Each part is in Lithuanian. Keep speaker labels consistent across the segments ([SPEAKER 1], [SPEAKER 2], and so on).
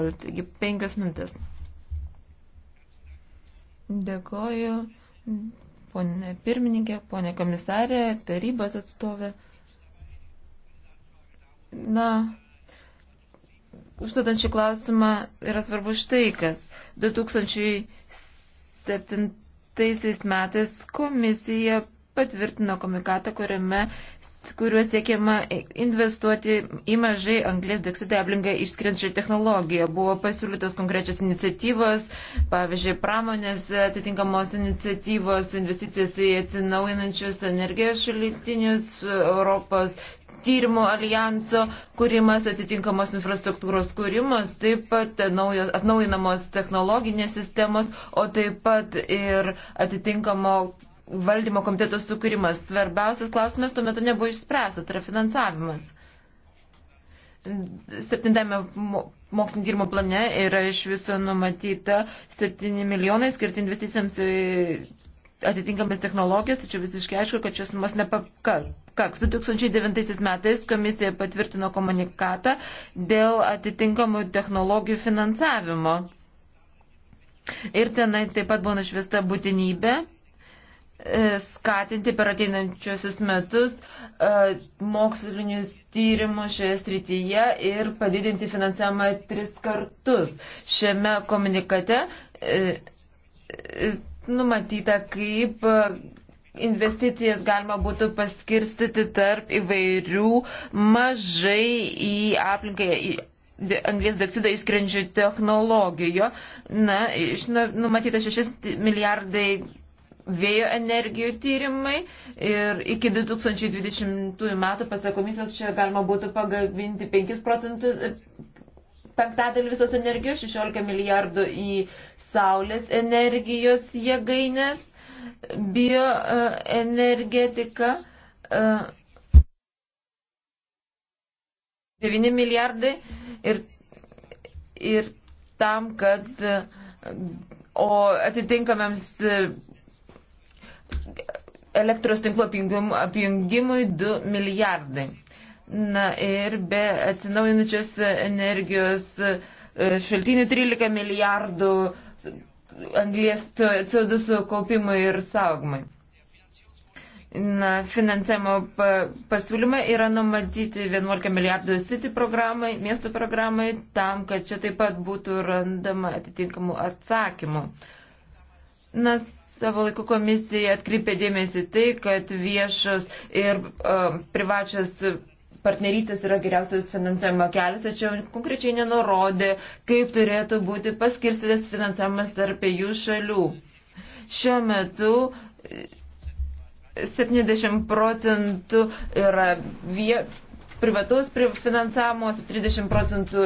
[SPEAKER 1] Europol. Taigi penkias minutės. Dėkoju, ponė pirmininkė, ponė komisarė, tarybos atstovė. Na, užduodant šį klausimą yra svarbu štai kas. 2007 metais komisija patvirtino komunikatą, kuriame, kuriuo siekiama investuoti į mažai anglės dioksidą aplinką išskrinčią technologiją. Buvo pasiūlytos konkrečios iniciatyvos, pavyzdžiui, pramonės atitinkamos iniciatyvos, investicijas į atsinaujinančius energijos šaltinius, Europos tyrimų alijanso kūrimas, atitinkamos infrastruktūros kūrimas, taip pat naujos, atnaujinamos technologinės sistemos, o taip pat ir atitinkamo valdymo komiteto sukūrimas. Svarbiausias klausimas tuo metu nebuvo išspręstas, tai yra finansavimas. Septintame mokslinio tyrimo plane yra iš viso numatyta 7 milijonai skirti investicijams į atitinkamas technologijas, tačiau visiškai aišku, kad šios sumos nepakaks. 2009 metais komisija patvirtino komunikatą dėl atitinkamų technologijų finansavimo. Ir tenai taip pat buvo nušvista būtinybė E, skatinti per ateinančiosius metus e, mokslinius tyrimus šioje srityje ir padidinti finansavimą tris kartus. Šiame komunikate e, numatyta, kaip investicijas galima būtų paskirstyti tarp įvairių mažai į aplinką. Į anglės dioksidą įskrenčių technologijų. Na, iš nu, numatyta 6 milijardai vėjo energijų tyrimai ir iki 2020 metų, pasak komisijos, čia galima būtų pagaminti 5 procentus, penktadalį visos energijos, 16 milijardų į saulės energijos jėgainės, bioenergetika. Uh, uh, 9 milijardai ir, ir tam, kad o atitinkamiams elektros tinklo apjungimui 2 milijardai. Na ir be atsinaujinančios energijos e, šaltinių 13 milijardų anglies CO2 sukaupimui ir saugimui. Na, finansavimo pasiūlymai yra numatyti 11 milijardų city programai, miesto programai, tam, kad čia taip pat būtų randama atitinkamų atsakymų. Nes Savo laiku komisija atkreipė dėmesį tai, kad viešos ir uh, e, privačios partnerystės yra geriausias finansavimo kelias, tačiau konkrečiai nenurodė, kaip turėtų būti paskirstytas finansavimas tarp jų šalių. Šiuo metu 70 e, procentų yra vietos privataus finansavimo, 30 procentų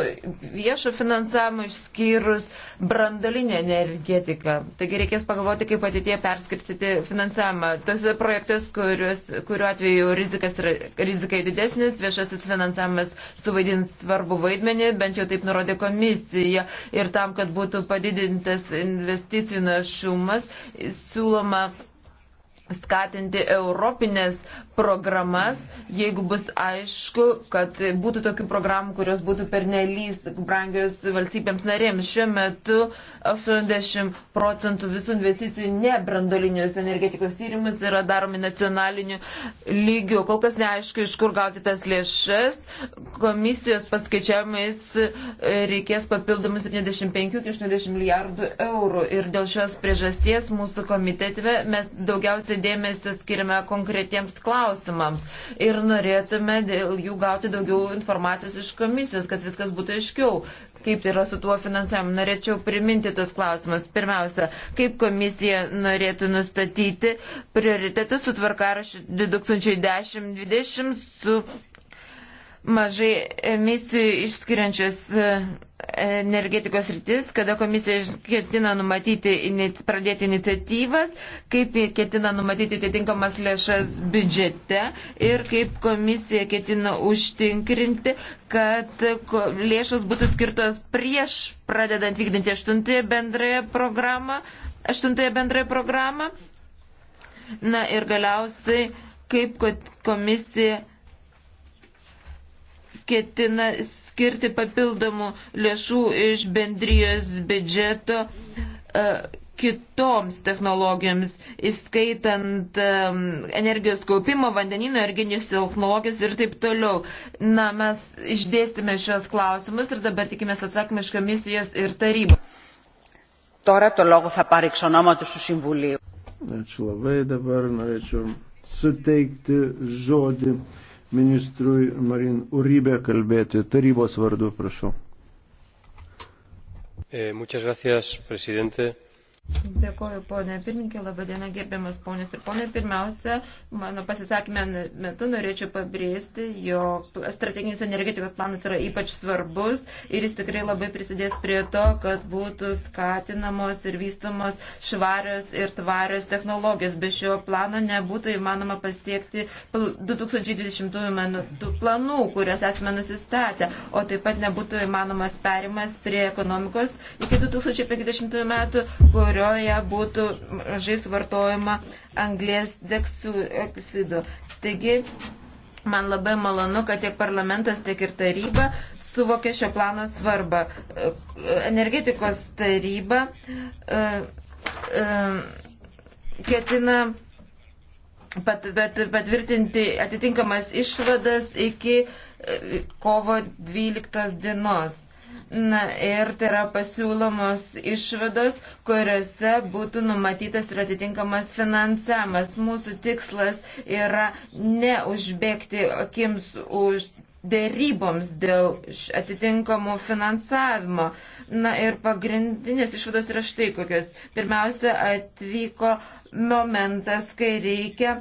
[SPEAKER 1] viešo finansavimo išskyrus brandolinę energetiką. Taigi reikės pagalvoti, kaip ateitie perskirstyti finansavimą. Tose projektus, kuriuos, kuriuo atveju rizikas yra, rizikai didesnis, viešasis finansavimas suvaidins svarbu vaidmenį, bent jau taip nurodė komisija. Ir tam, kad būtų padidintas investicijų našumas, siūloma skatinti europinės programas, jeigu bus aišku, kad būtų tokių programų, kurios būtų pernelys brangios valstybėms narėms. Šiuo metu 80 procentų visų investicijų nebrandolinius energetikos tyrimus yra daromi nacionaliniu lygiu. Kol kas neaišku, iš kur gauti tas lėšas. Komisijos paskaičiavimais e, reikės papildomų 75-80 milijardų eurų. Ir dėl šios priežasties mūsų komitete mes daugiausiai dėmesio skiriame konkretiems klausimams ir norėtume dėl jų gauti daugiau informacijos iš komisijos, kad viskas būtų aiškiau. Kaip tai yra su tuo finansavimu? Norėčiau priminti tos klausimus. Pirmiausia, kaip komisija norėtų nustatyti prioritetus su tvarkarašiu 2010-2020 su mažai emisijų išskiriančias e, energetikos rytis, kada komisija ketina numatyti, pradėti iniciatyvas, kaip ketina numatyti atitinkamas lėšas biudžete ir kaip komisija ketina užtinkrinti, kad lėšos būtų skirtos prieš pradedant vykdinti aštuntąją bendrąją programą. Aštuntąją bendrąją programą. Na ir galiausiai, kaip komisija ketina skirti papildomų lėšų iš bendrijos biudžeto e, kitoms technologijoms, įskaitant um, energijos kaupimo, vandenino, erginius technologijas ir taip toliau. Na, mes išdėstėme šios klausimus ir dabar tikimės atsakymą iš komisijos ir tarybos. Τώρα το λόγο θα πάρει εξ ονόματος του Συμβουλίου.
[SPEAKER 2] Ačiū labai, dabar norėčiau suteikti žodį ministrui Marin Uribe kalbėti tarybos vardu, prašau. Eh, gracias, presidente.
[SPEAKER 1] Dėkoju, ponė pirmininkė, labadiena, gerbiamas ponės ir ponai. Pirmiausia, mano pasisakymę metu norėčiau pabrėžti, jog strateginis energetikos planas yra ypač svarbus ir jis tikrai labai prisidės prie to, kad būtų skatinamos ir vystomos švarios ir tvarios technologijos. Be šio plano nebūtų įmanoma pasiekti 2020 metų planų, kurias esame nusistatę, o taip pat nebūtų įmanomas perimas prie ekonomikos iki 2050 metų, kur kurioje būtų mažai suvartojama anglės dioksido. Taigi, man labai malonu, kad tiek parlamentas, tiek ir taryba suvokė šio plano svarbą. Energetikos taryba
[SPEAKER 3] e,
[SPEAKER 1] e, ketina pat, pat, patvirtinti atitinkamas išvadas iki e, kovo 12 dienos. Na ir tai yra pasiūlomos išvados, kuriuose būtų numatytas ir atitinkamas finansavimas. Mūsų tikslas yra neužbėgti akims už dėryboms dėl atitinkamų finansavimo. Na ir pagrindinės išvados yra štai kokios. Pirmiausia, atvyko momentas, kai reikia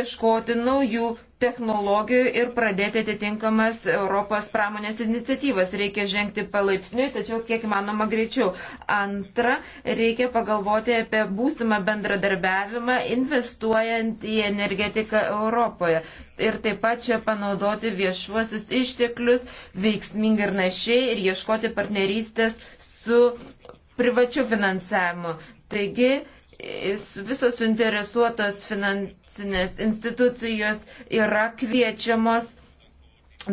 [SPEAKER 1] ieškoti naujų technologijų ir pradėti atitinkamas Europos pramonės iniciatyvas. Reikia žengti palaipsniui, tačiau kiek įmanoma greičiau. Antra, reikia pagalvoti apie būsimą bendradarbiavimą, investuojant į energetiką Europoje. Ir taip pat čia panaudoti viešuosius išteklius veiksmingai ir našiai ir ieškoti partnerystės su privačiu finansavimu. Taigi, visos suinteresuotos finansinės institucijos yra kviečiamos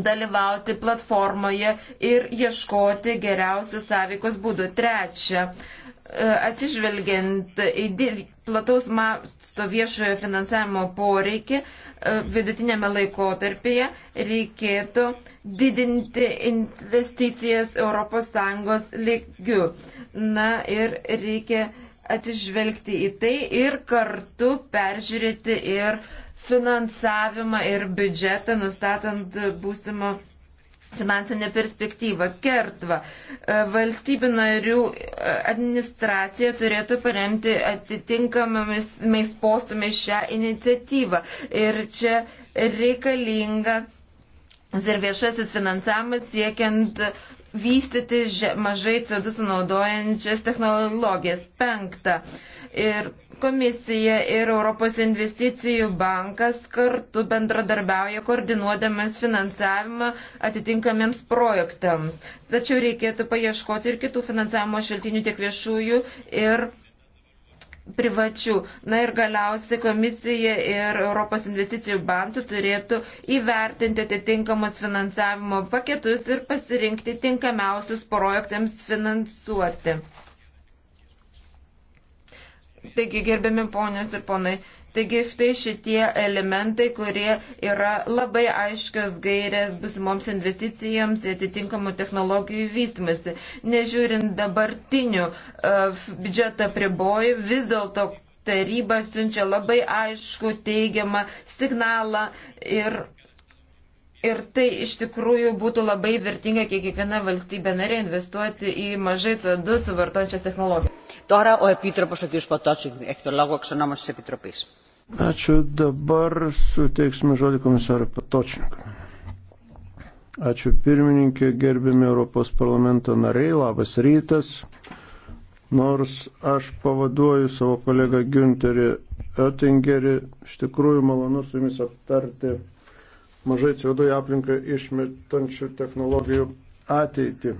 [SPEAKER 1] dalyvauti platformoje ir ieškoti geriausių sąveikos būdų. Trečia, e, atsižvelgiant į plataus masto viešojo finansavimo poreikį, e, vidutinėme laikotarpyje reikėtų didinti investicijas ES lygių. Na ir reikia atsižvelgti į tai ir kartu peržiūrėti ir finansavimą ir biudžetą, nustatant būsimą finansinę perspektyvą. Kertva. E, valstybių narių e, administracija turėtų paremti atitinkamomis postumis šią iniciatyvą. Ir čia reikalinga ir viešasis finansavimas siekiant vystyti mažai CO2 sunaudojančias technologijas. Penkta. Ir komisija ir Europos investicijų bankas kartu bendradarbiauja koordinuodamas finansavimą atitinkamiems projektams. Tačiau reikėtų paieškoti ir kitų finansavimo šaltinių tiek viešųjų ir privačių. Na ir galiausiai komisija ir Europos investicijų bantų turėtų įvertinti atitinkamus finansavimo paketus ir pasirinkti tinkamiausius projektams finansuoti. Taigi, gerbiami ponios ir ponai, Taigi štai šitie elementai, kurie yra labai aiškios gairės busimoms investicijoms ir atitinkamų technologijų vystimasi. Nežiūrint dabartinių uh, biudžeto pribojų, vis dėlto taryba siunčia labai aišku teigiamą signalą ir Ir tai iš tikrųjų būtų labai vertinga, kiek kiekviena valstybė narė investuoti į mažai CO2 suvartojančias technologijas. Τώρα ο Επίτροπος ο κ. Ποτότσικ έχει το λόγο εξ ονόματος της Επιτροπής.
[SPEAKER 2] Ačiū. Dabar suteiksime žodį komisarui Patočnikui. Ačiū pirmininkė, gerbiami Europos parlamento nariai, labas rytas. Nors aš pavaduoju savo kolegą Günterį Oettingerį, iš tikrųjų malonu su jumis aptarti mažai CO2 aplinką išmetančių technologijų ateitį.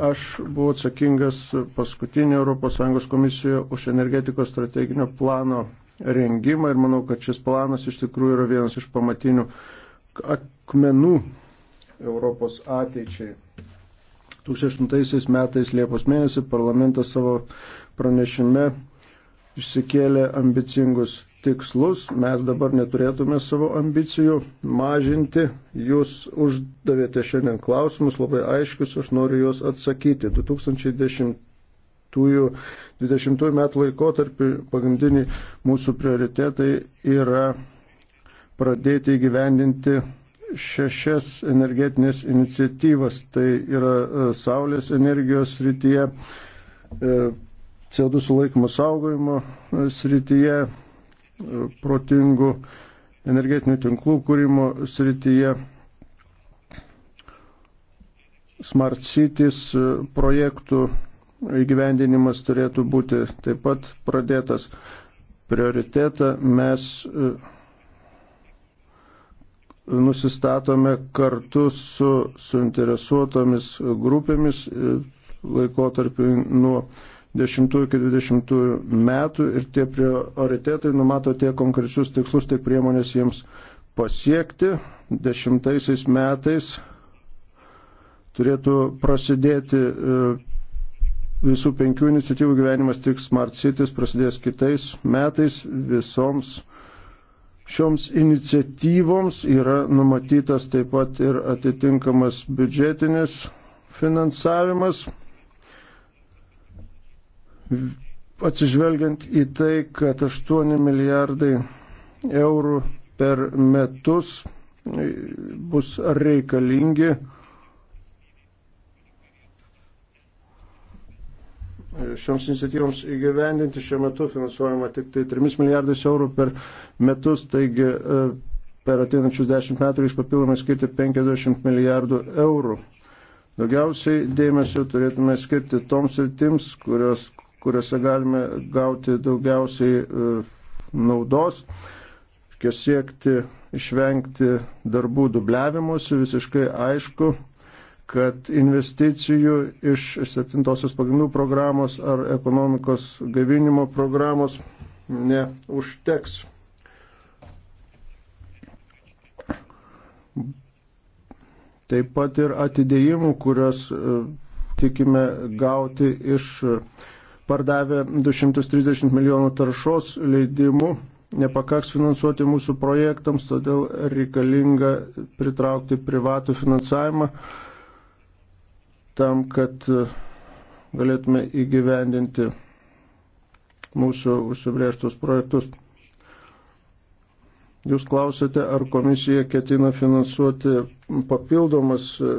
[SPEAKER 2] Aš buvau atsakingas paskutinį ES komisijoje už energetikos strateginio plano rengimą ir manau, kad šis planas iš tikrųjų yra vienas iš pamatinių akmenų Europos ateičiai. 2008 metais Liepos mėnesį parlamentas savo pranešime išsikėlė ambicingus tikslus, mes dabar neturėtume savo ambicijų mažinti. Jūs uždavėte šiandien klausimus labai aiškius, aš noriu juos atsakyti. 2010 2020 metų laikotarpį pagrindiniai mūsų prioritetai yra pradėti įgyvendinti šešias energetinės iniciatyvas. Tai yra e, saulės energijos srityje, e, CO2 sulaikimo saugojimo e, srityje, protingų energetinių tinklų kūrimo srityje. Smart Cities e, projektų įgyvendinimas turėtų būti taip pat pradėtas prioritetą. Mes e, nusistatome kartu su suinteresuotomis grupėmis e, laikotarpiu nuo 10-20 metų ir tie prioritetai numato tiek konkrečius tikslus, tiek priemonės jiems pasiekti. Dešimtaisiais metais turėtų prasidėti e, visų penkių iniciatyvų gyvenimas tik Smart Cities, prasidės kitais metais visoms. Šioms iniciatyvoms yra numatytas taip pat ir atitinkamas biudžetinis finansavimas atsižvelgiant į tai, kad 8 milijardai eurų per metus bus reikalingi šioms iniciatyvoms įgyvendinti. Šiuo metu finansuojama tik tai 3 milijardais eurų per metus, taigi e, per ateinančius 10 metų reiks papildomai skirti 50 milijardų eurų. Daugiausiai dėmesio turėtume skirti toms sritims, kurios kuriuose galime gauti daugiausiai e, naudos, reikia siekti išvengti darbų dubliavimus, visiškai aišku, kad investicijų iš septintosios pagrindų programos ar ekonomikos gaivinimo programos neužteks. Taip pat ir atidėjimų, kurias e, tikime gauti iš uh, pardavę 230 milijonų taršos leidimų. Nepakaks finansuoti mūsų projektams, todėl reikalinga pritraukti privatų finansavimą tam, kad e, galėtume įgyvendinti mūsų užsibrėžtus projektus. Jūs klausėte, ar komisija ketina finansuoti papildomas e,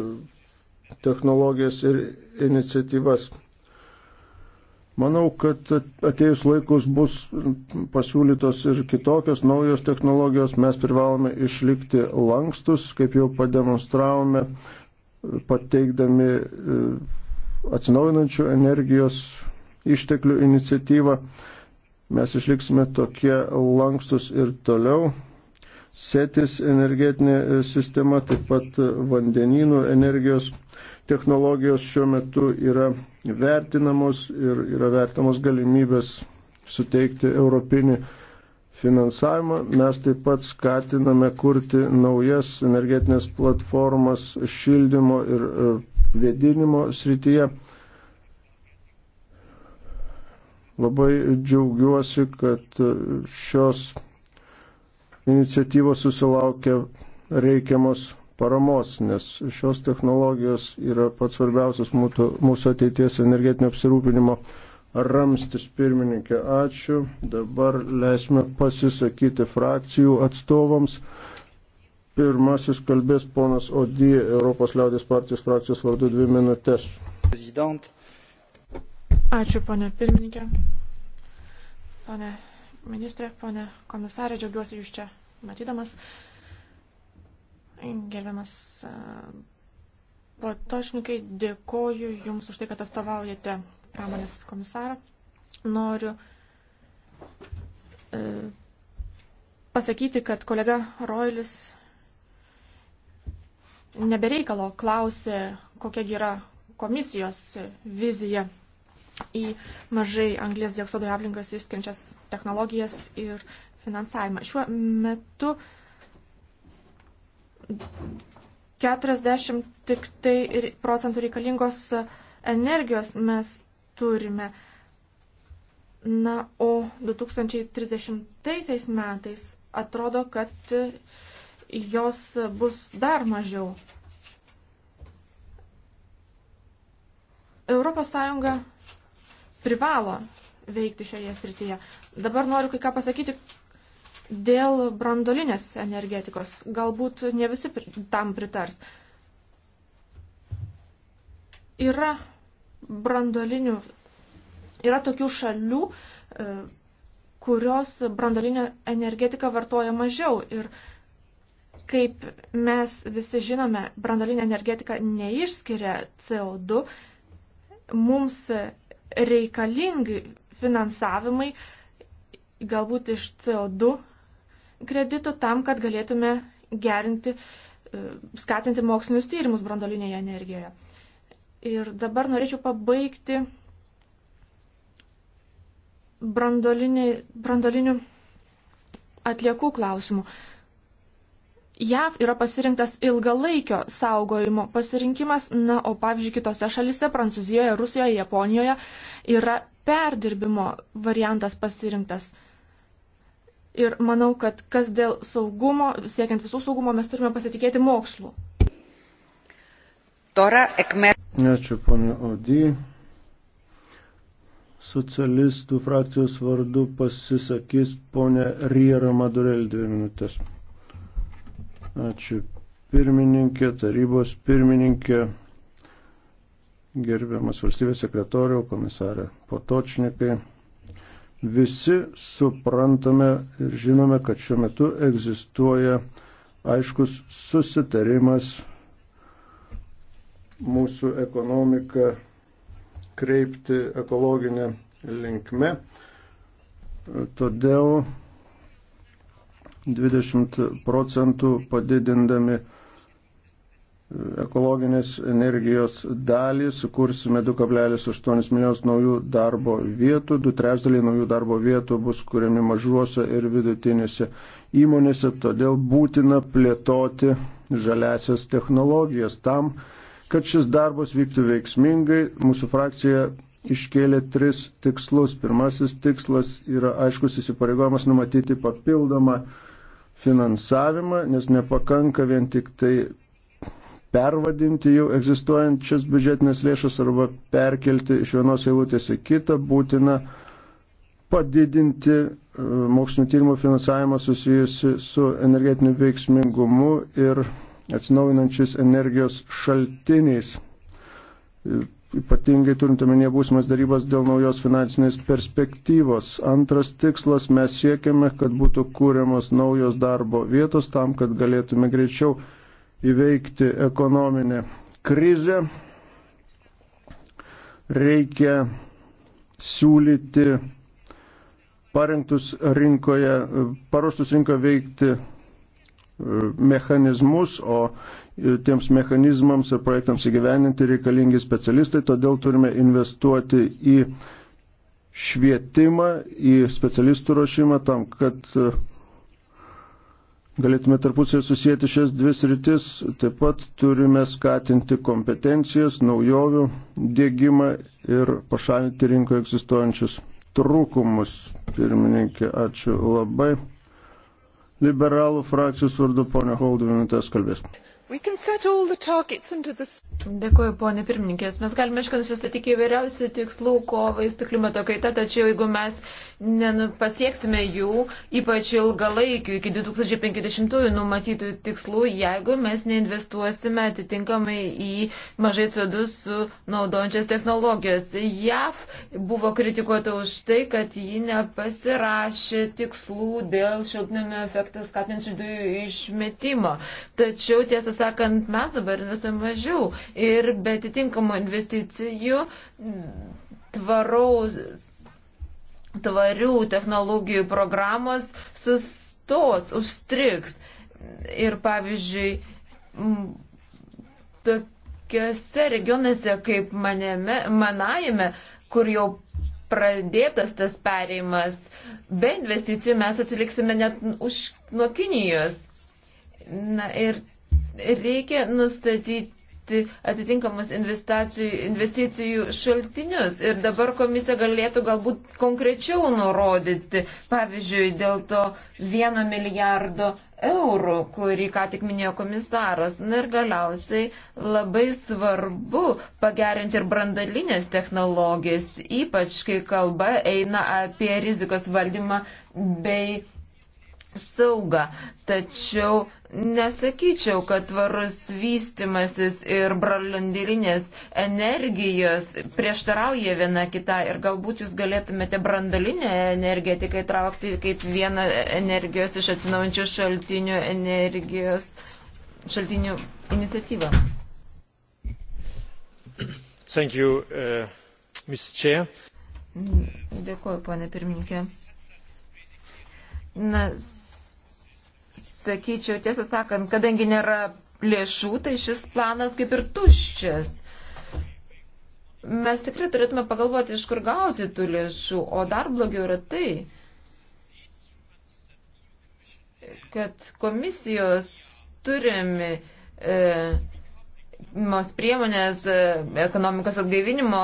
[SPEAKER 2] technologijas ir iniciatyvas. Manau, kad atėjus laikus bus pasiūlytos ir kitokios naujos technologijos. Mes privalome išlikti lankstus, kaip jau pademonstravome, pateikdami e, atsinaujinančių energijos išteklių iniciatyvą. Mes išliksime tokie lankstus ir toliau. Setis energetinė sistema, taip pat vandenynų energijos technologijos šiuo metu yra vertinamos ir yra vertinamos galimybės suteikti europinį finansavimą. Mes taip pat skatiname kurti naujas energetinės platformas šildymo ir e, vėdinimo srityje. Labai džiaugiuosi, kad šios iniciatyvos susilaukia reikiamos paramos, nes šios technologijos yra pats svarbiausias mūsų, mūsų ateities energetinio apsirūpinimo ramstis pirmininkė. Ačiū. Dabar leisime pasisakyti frakcijų atstovams. Pirmasis kalbės ponas Odį, Europos liaudės partijos frakcijos vardu dvi minutės.
[SPEAKER 3] Ačiū, ponė pirmininkė. Pane ministrė, ponė komisarė, džiaugiuosi jūs čia matydamas. Uh, Gerbiamas e, Patošnikai, dėkoju Jums už tai, kad atstovaujate pramonės komisarą. Noriu e, pasakyti, kad kolega Roilis nebereikalo klausė, kokia yra komisijos vizija į mažai anglės dioksido aplinkas įskrinčias technologijas ir finansavimą. Šiuo metu uh, 40 tik tai procentų reikalingos energijos mes turime. Na, o 2030 metais atrodo, kad jos bus dar mažiau. Europos Sąjunga privalo veikti šioje srityje. Dabar noriu kai ką pasakyti, dėl brandolinės energetikos. Galbūt ne visi tam pritars. Yra brandolinių, yra tokių šalių, e, kurios brandolinę energetiką vartoja mažiau. Ir kaip mes visi žinome, brandolinė energetika neišskiria CO2. Mums reikalingi finansavimai galbūt iš CO2 kreditų tam, kad galėtume gerinti, e, skatinti mokslinius tyrimus brandolinėje energijoje. Ir dabar norėčiau pabaigti brandolinių atliekų klausimų. JAV yra pasirinktas ilgalaikio saugojimo pasirinkimas, na, o pavyzdžiui, kitose šalise - Prancūzijoje, Rusijoje, Japonijoje - yra perdirbimo variantas pasirinktas ir manau, kad kas dėl saugumo, siekiant visų saugumo, mes turime pasitikėti mokslu. Tora Ekmer.
[SPEAKER 2] Ačiū, ponė Odi. Socialistų frakcijos vardu pasisakys ponė Riera Madurel dvi minutės. Ačiū, pirmininkė, tarybos pirmininkė, gerbiamas valstybės sekretoriau, komisarė Potočnikai. Visi suprantame ir žinome, kad šiuo metu egzistuoja aiškus susitarimas mūsų ekonomiką kreipti ekologinę linkme. Todėl 20 procentų padidindami ekologinės energijos dalį, sukursime 2,8 milijonus naujų darbo vietų, du trešdaliai naujų darbo vietų bus kuriami mažuose ir vidutinėse įmonėse, todėl būtina plėtoti žaliasias technologijas tam, kad šis darbas vyktų veiksmingai. Mūsų frakcija iškėlė tris tikslus. Pirmasis tikslas yra aiškus įsipareigojimas numatyti papildomą finansavimą, nes nepakanka vien tik tai pervadinti jau egzistuojančias biudžetinės lėšas arba perkelti iš vienos eilutės į kitą, būtina padidinti e, mokslinio tyrimo finansavimą susijusi su energetiniu veiksmingumu ir atsinaujinančiais energijos šaltiniais. E, ypatingai turint omenyje būsimas darybas dėl naujos finansinės perspektyvos. Antras tikslas - mes siekiame, kad būtų kūriamos naujos darbo vietos tam, kad galėtume greičiau įveikti ekonominę krizę, reikia siūlyti parengtus rinkoje, paruoštus rinkoje veikti e, mechanizmus, o e, tiems mechanizmams ir projektams įgyveninti reikalingi specialistai, todėl turime investuoti į švietimą, į specialistų ruošimą tam, kad e, Galėtume tarpusai susijęti šias dvi sritis, taip pat turime skatinti kompetencijas, naujovių dėgymą ir pašalinti rinkoje egzistuojančius trūkumus. Pirmininkė, ačiū labai. Liberalų frakcijos vardu ponė Holdų minutės kalbės.
[SPEAKER 1] Dėkuoju, ponė pirmininkės. Mes galime, aišku, nusistatyti įvairiausių tikslų kovai su klimato kaita, tačiau jeigu mes nenupasieksime jų ypač ilgalaikių iki 2050-ųjų numatytų tikslų, jeigu mes neinvestuosime atitinkamai į mažai CO2 sunaudojančias technologijas. JAV buvo kritikuota už tai, kad ji nepasirašė tikslų dėl šiltnamio efektą skatinančių dujų išmetimo. Tačiau, tiesą sakant, mes dabar investuojame mažiau ir be atitinkamų investicijų tvaraus tvarių technologijų programos sustos, užstriks. Ir pavyzdžiui, tokiuose regionuose kaip manėme, manajame, kur jau pradėtas tas pereimas, be investicijų mes atsiliksime net už, nuo Kinijos. Na ir reikia nustatyti rasti atitinkamus investicijų šaltinius. Ir dabar komisija galėtų galbūt konkrečiau nurodyti, pavyzdžiui, dėl to vieno milijardo eurų, kurį ką tik minėjo komisaras. Na ir galiausiai labai svarbu pagerinti ir brandalinės technologijas, ypač kai kalba eina apie rizikos valdymą bei saugą. Tačiau nesakyčiau, kad tvarus vystimasis ir brandalinės energijos prieštarauja viena kita ir galbūt jūs galėtumėte brandalinę energiją tik įtraukti kaip vieną energijos iš atsinaujančių šaltinių energijos šaltinių iniciatyvą.
[SPEAKER 2] Thank you, uh, Ms. Chair.
[SPEAKER 1] Dėkuoju, ponė pirmininkė. Na, sakyčiau, tiesą sakant, kadangi nėra lėšų, tai šis planas kaip ir tuščias. Mes tikrai turėtume pagalvoti, iš kur gauti tų lėšų, o dar blogiau yra tai, kad komisijos turimi e, mos priemonės, e, ekonomikos atgaivinimo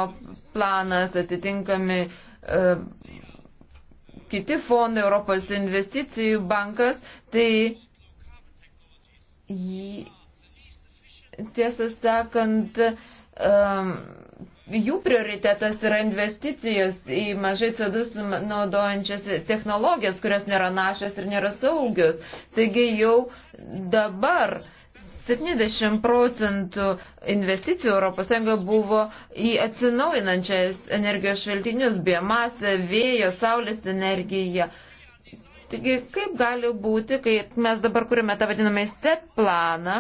[SPEAKER 1] planas, atitinkami e, kiti fondai, Europos investicijų bankas, tai jį, tiesą sakant, um, jų prioritetas yra investicijos į mažai CO2 naudojančias technologijas, kurios nėra našios ir nėra saugios. Taigi jau dabar 70 procentų investicijų ES buvo į atsinaujinančias energijos šaltinius - biomasę, vėjo, saulės energiją. Uh, Taigi, kaip gali būti, kai mes dabar kuriame tą vadinamą set planą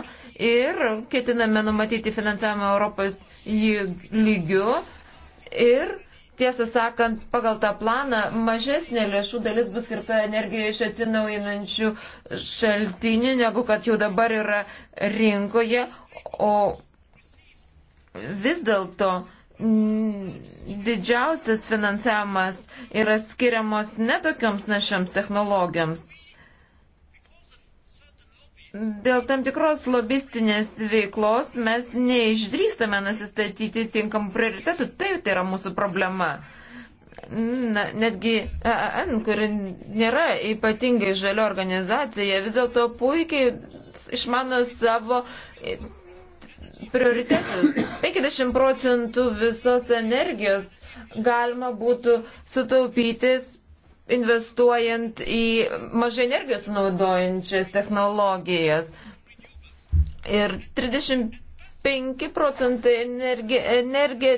[SPEAKER 1] ir ketiname numatyti finansavimą Europos lygių ir tiesą sakant, pagal tą planą mažesnė lėšų dalis bus skirta energijai iš atsinaujinančių šaltinių, negu kad jau dabar yra rinkoje, o vis dėlto didžiausias finansavimas yra skiriamos netokioms našiams technologijoms. Dėl tam tikros lobistinės veiklos mes neišdrįstame nusistatyti tinkamų prioritetų. Tai, tai yra mūsų problema. Na, netgi AAN, kuri nėra ypatingai žalia organizacija, vis dėlto puikiai išmano savo prioritetus. 50 procentų visos energijos galima būtų sutaupytis investuojant į mažai energijos naudojančias technologijas. Ir 35 procentai energi, energi,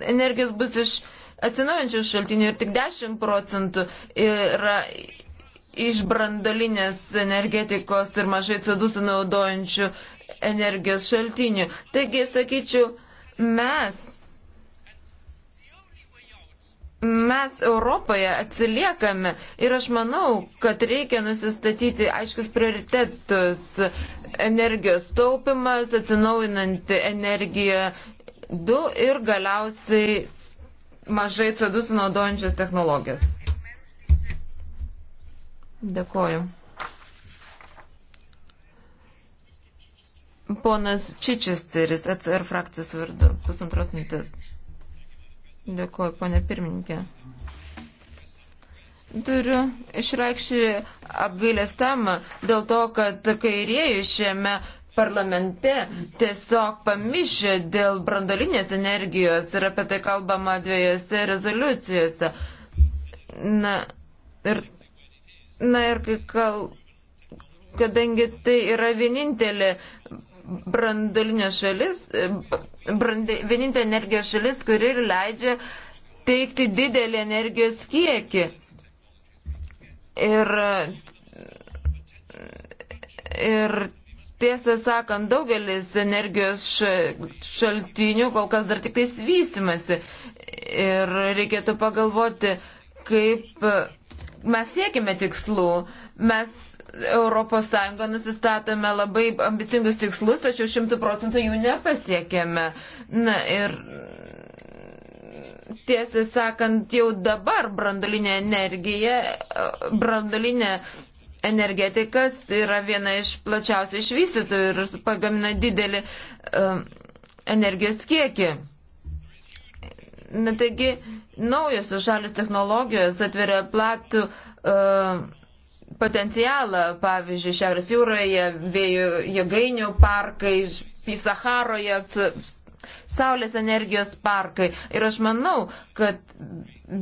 [SPEAKER 1] energijos bus iš atsinaujančių šaltinių ir tik 10 procentų yra iš brandolinės energetikos ir mažai CO2 sunaudojančių energijos šaltinių. Taigi, sakyčiau, mes, mes Europoje atsiliekame ir aš manau, kad reikia nusistatyti aiškius prioritetus energijos taupimas, atsinaujinanti energija, du ir galiausiai mažai CO2 sunaudojančios technologijos. Dėkuoju. Ponas Čičesteris, atsar frakcijos vardu, pusantros minutės. Dėkuoju, ponė pirmininkė. Turiu išreikšti apgailestamą dėl to, kad kairieji šiame parlamente tiesiog pamišė dėl brandolinės energijos ir apie tai kalbama dviejose rezoliucijose. Na ir, na ir kai kal, kadangi tai yra vienintelė brandolinė šalis, e, brandi, vienintelė energijos šalis, kuri leidžia teikti didelį energijos kiekį. Ir, ir tiesą sakant, daugelis energijos šaltinių kol kas dar tik tai vystimasi. Ir reikėtų pagalvoti, kaip mes siekime tikslų. Mes ES nusistatome labai ambicingus tikslus, tačiau šimtų procentų jų nepasiekėme. Na ir tiesą sakant, jau dabar brandolinė energija, brandolinė energetikas yra viena iš plačiausiai išvystytų ir pagamina didelį um, energijos kiekį. Na taigi, naujosios šalis technologijos atveria platų uh, um, potencialą, pavyzdžiui, Šiaurės jūroje, vėjų jėgainių parkai, Pisaharoje, Saulės energijos parkai. Ir aš manau, kad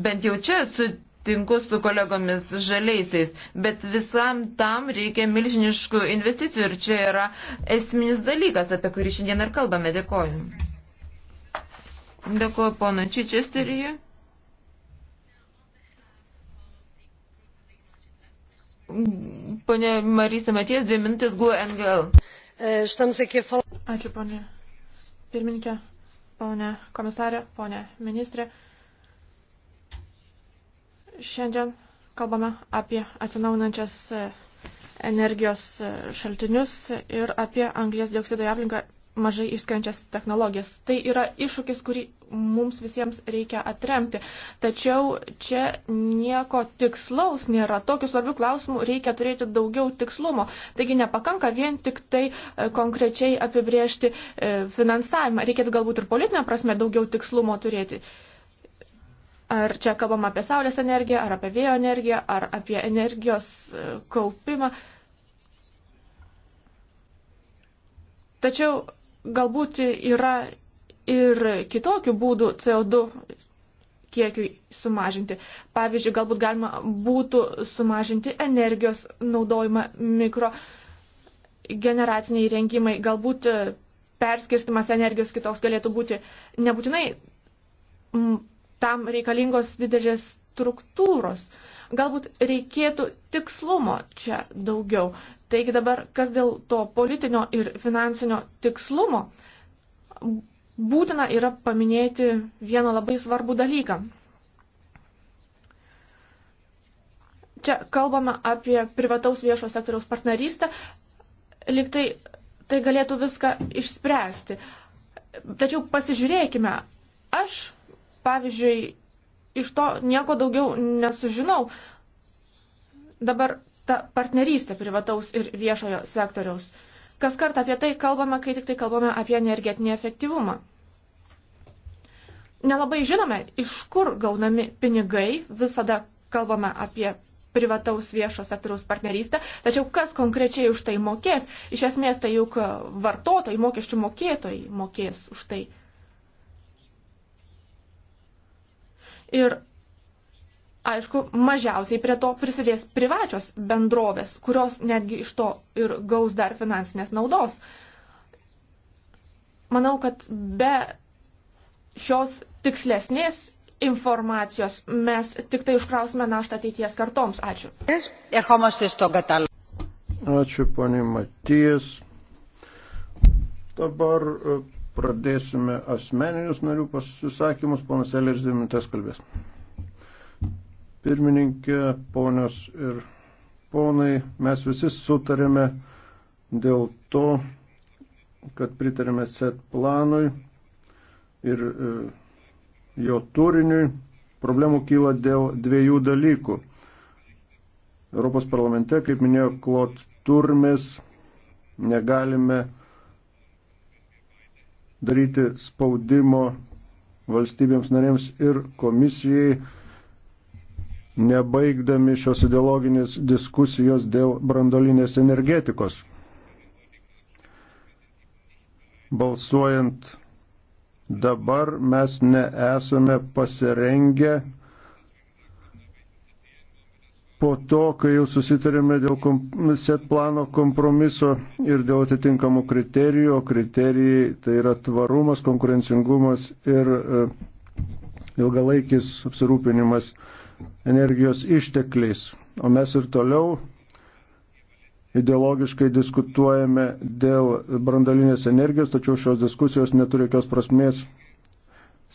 [SPEAKER 1] bent jau čia sutinku su kolegomis žaliaisiais, bet visam tam reikia milžiniškų investicijų ir čia yra esminis dalykas, apie kurį šiandien ir kalbame. Dėkoju. Dėkoju pono Čičesterijui. Pone Marisa Matijas, dvi mintis guo NGL. E,
[SPEAKER 3] Ačiū, ponė pirmininkė, ponė komisarė, ponė ministrė. Šiandien kalbame apie atsinaunančias e, energijos e, šaltinius ir apie anglės dioksido aplinką mažai išskrenčias technologijas. Tai yra iššūkis, kurį mums visiems reikia atremti. Tačiau čia nieko tikslaus nėra. Tokių svarbių klausimų reikia turėti daugiau tikslumo. Taigi nepakanka vien tik tai e, konkrečiai apibriežti e, finansavimą. Reikėtų galbūt ir politinę prasme daugiau tikslumo turėti. Ar čia kalbam apie saulės energiją, ar apie vėjo energiją, ar apie energijos e, kaupimą. Tačiau galbūt yra ir kitokių būdų CO2 kiekiui sumažinti. Pavyzdžiui, galbūt galima būtų sumažinti energijos naudojimą mikro generaciniai įrengimai, galbūt e, perskirstimas energijos kitoks galėtų būti. Nebūtinai tam reikalingos didelės struktūros. Uh, Galbūt reikėtų tikslumo čia daugiau. Taigi dabar, kas dėl to politinio ir finansinio tikslumo, būtina yra paminėti vieną labai svarbų dalyką. Čia kalbame apie privataus viešo sektoriaus partnerystę, liktai tai galėtų viską išspręsti. Tačiau pasižiūrėkime, aš, pavyzdžiui, iš to nieko daugiau nesužinau. Dabar ta partnerystė privataus ir viešojo sektoriaus. Kas kart apie tai kalbame, kai tik tai kalbame apie energetinį efektyvumą. Nelabai žinome, iš kur gaunami pinigai, visada kalbame apie privataus viešo sektoriaus partnerystę, tačiau kas konkrečiai už tai mokės, iš esmės tai juk vartotojai, mokesčių mokėtojai mokės už tai. Ir aišku, mažiausiai prie to prisidės privačios bendrovės, kurios netgi iš to ir gaus dar finansinės naudos. Manau, kad be šios tikslesnės informacijos mes tik tai užkrausime naštą ateities kartoms. Ačiū.
[SPEAKER 2] Ačiū, ponė Matijas. Dabar Pradėsime asmeninius narių pasisakymus. Ponas Elės dvi minutės kalbės. Pirmininkė, ponios ir ponai, mes visi sutarėme dėl to, kad pritarėme set planui ir e, jo turiniui. Problemų kyla dėl dviejų dalykų. Europos parlamente, kaip minėjo Klot Turmes, negalime daryti spaudimo valstybėms narėms ir komisijai, nebaigdami šios ideologinės diskusijos dėl brandolinės energetikos. Balsuojant dabar mes nesame pasirengę po to, kai jau susitarėme dėl set plano kompromiso ir dėl atitinkamų kriterijų, o kriterijai tai yra tvarumas, konkurencingumas ir e, ilgalaikis apsirūpinimas energijos ištekliais. O mes ir toliau ideologiškai diskutuojame dėl brandalinės energijos, tačiau šios diskusijos neturi jokios prasmės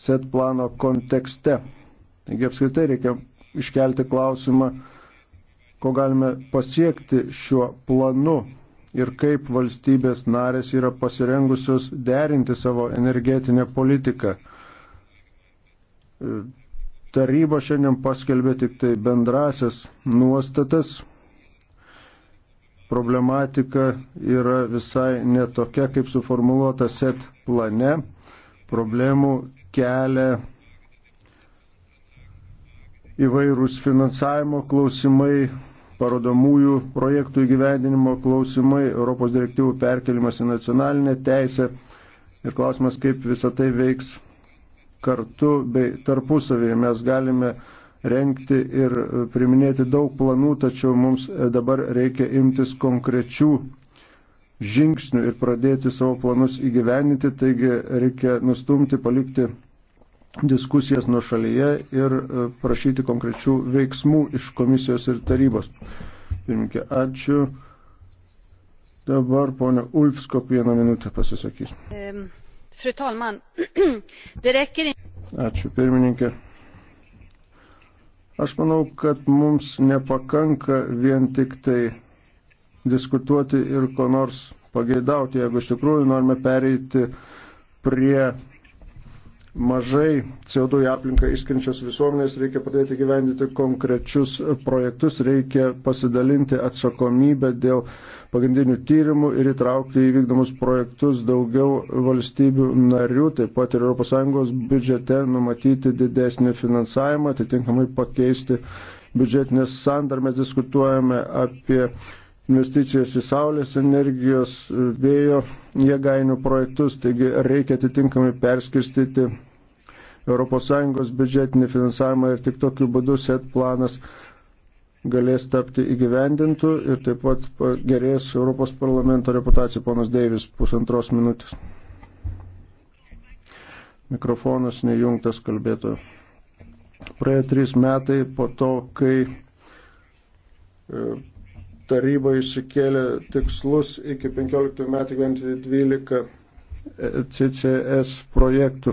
[SPEAKER 2] set plano kontekste. Taigi apskritai reikia iškelti klausimą, ko galime pasiekti šiuo planu ir kaip valstybės narės yra pasirengusios derinti savo energetinę politiką. Taryba šiandien paskelbė tik tai bendrasias nuostatas. Problematika yra visai netokia, kaip suformuoluota set plane. Problemų kelia įvairūs finansavimo klausimai, parodomųjų projektų įgyvendinimo klausimai, Europos direktyvų perkelimas į nacionalinę teisę ir klausimas, kaip visą tai veiks kartu bei tarpusavėje. Mes galime renkti ir priminėti daug planų, tačiau mums dabar reikia imtis konkrečių žingsnių ir pradėti savo planus įgyveninti, taigi reikia nustumti, palikti diskusijas nuo šalyje ir e, prašyti konkrečių veiksmų iš komisijos ir tarybos. Pirminkė, ačiū. Dabar ponia Ulfskop vieną minutę pasisakys.
[SPEAKER 3] Fru talman, det räcker inte.
[SPEAKER 2] Ačiū pirmininkė. Aš manau, kad mums nepakanka vien tik tai diskutuoti ir ko nors pageidauti, jeigu iš tikrųjų norime pereiti prie mažai CO2 į aplinką išskrinčios visuomenės, reikia pradėti gyvendyti konkrečius projektus, reikia pasidalinti atsakomybę dėl pagrindinių tyrimų ir įtraukti į vykdomus projektus daugiau valstybių narių, taip pat ir ES biudžete numatyti didesnį finansavimą, atitinkamai pakeisti biudžetinės sandar, mes diskutuojame apie investicijas į saulės energijos, vėjo jėgainių projektus, taigi reikia atitinkamai perskirstyti ES biudžetinį finansavimą ir tik tokiu būdu set planas galės tapti įgyvendintų ir taip pat gerės Europos parlamento reputacija. Ponas Deivis, pusantros minutės. Mikrofonas nejungtas kalbėtojo. Praėjo trys metai po to, kai e, taryba išsikėlė tikslus iki 15 metų gyventi 12 CCS projektų.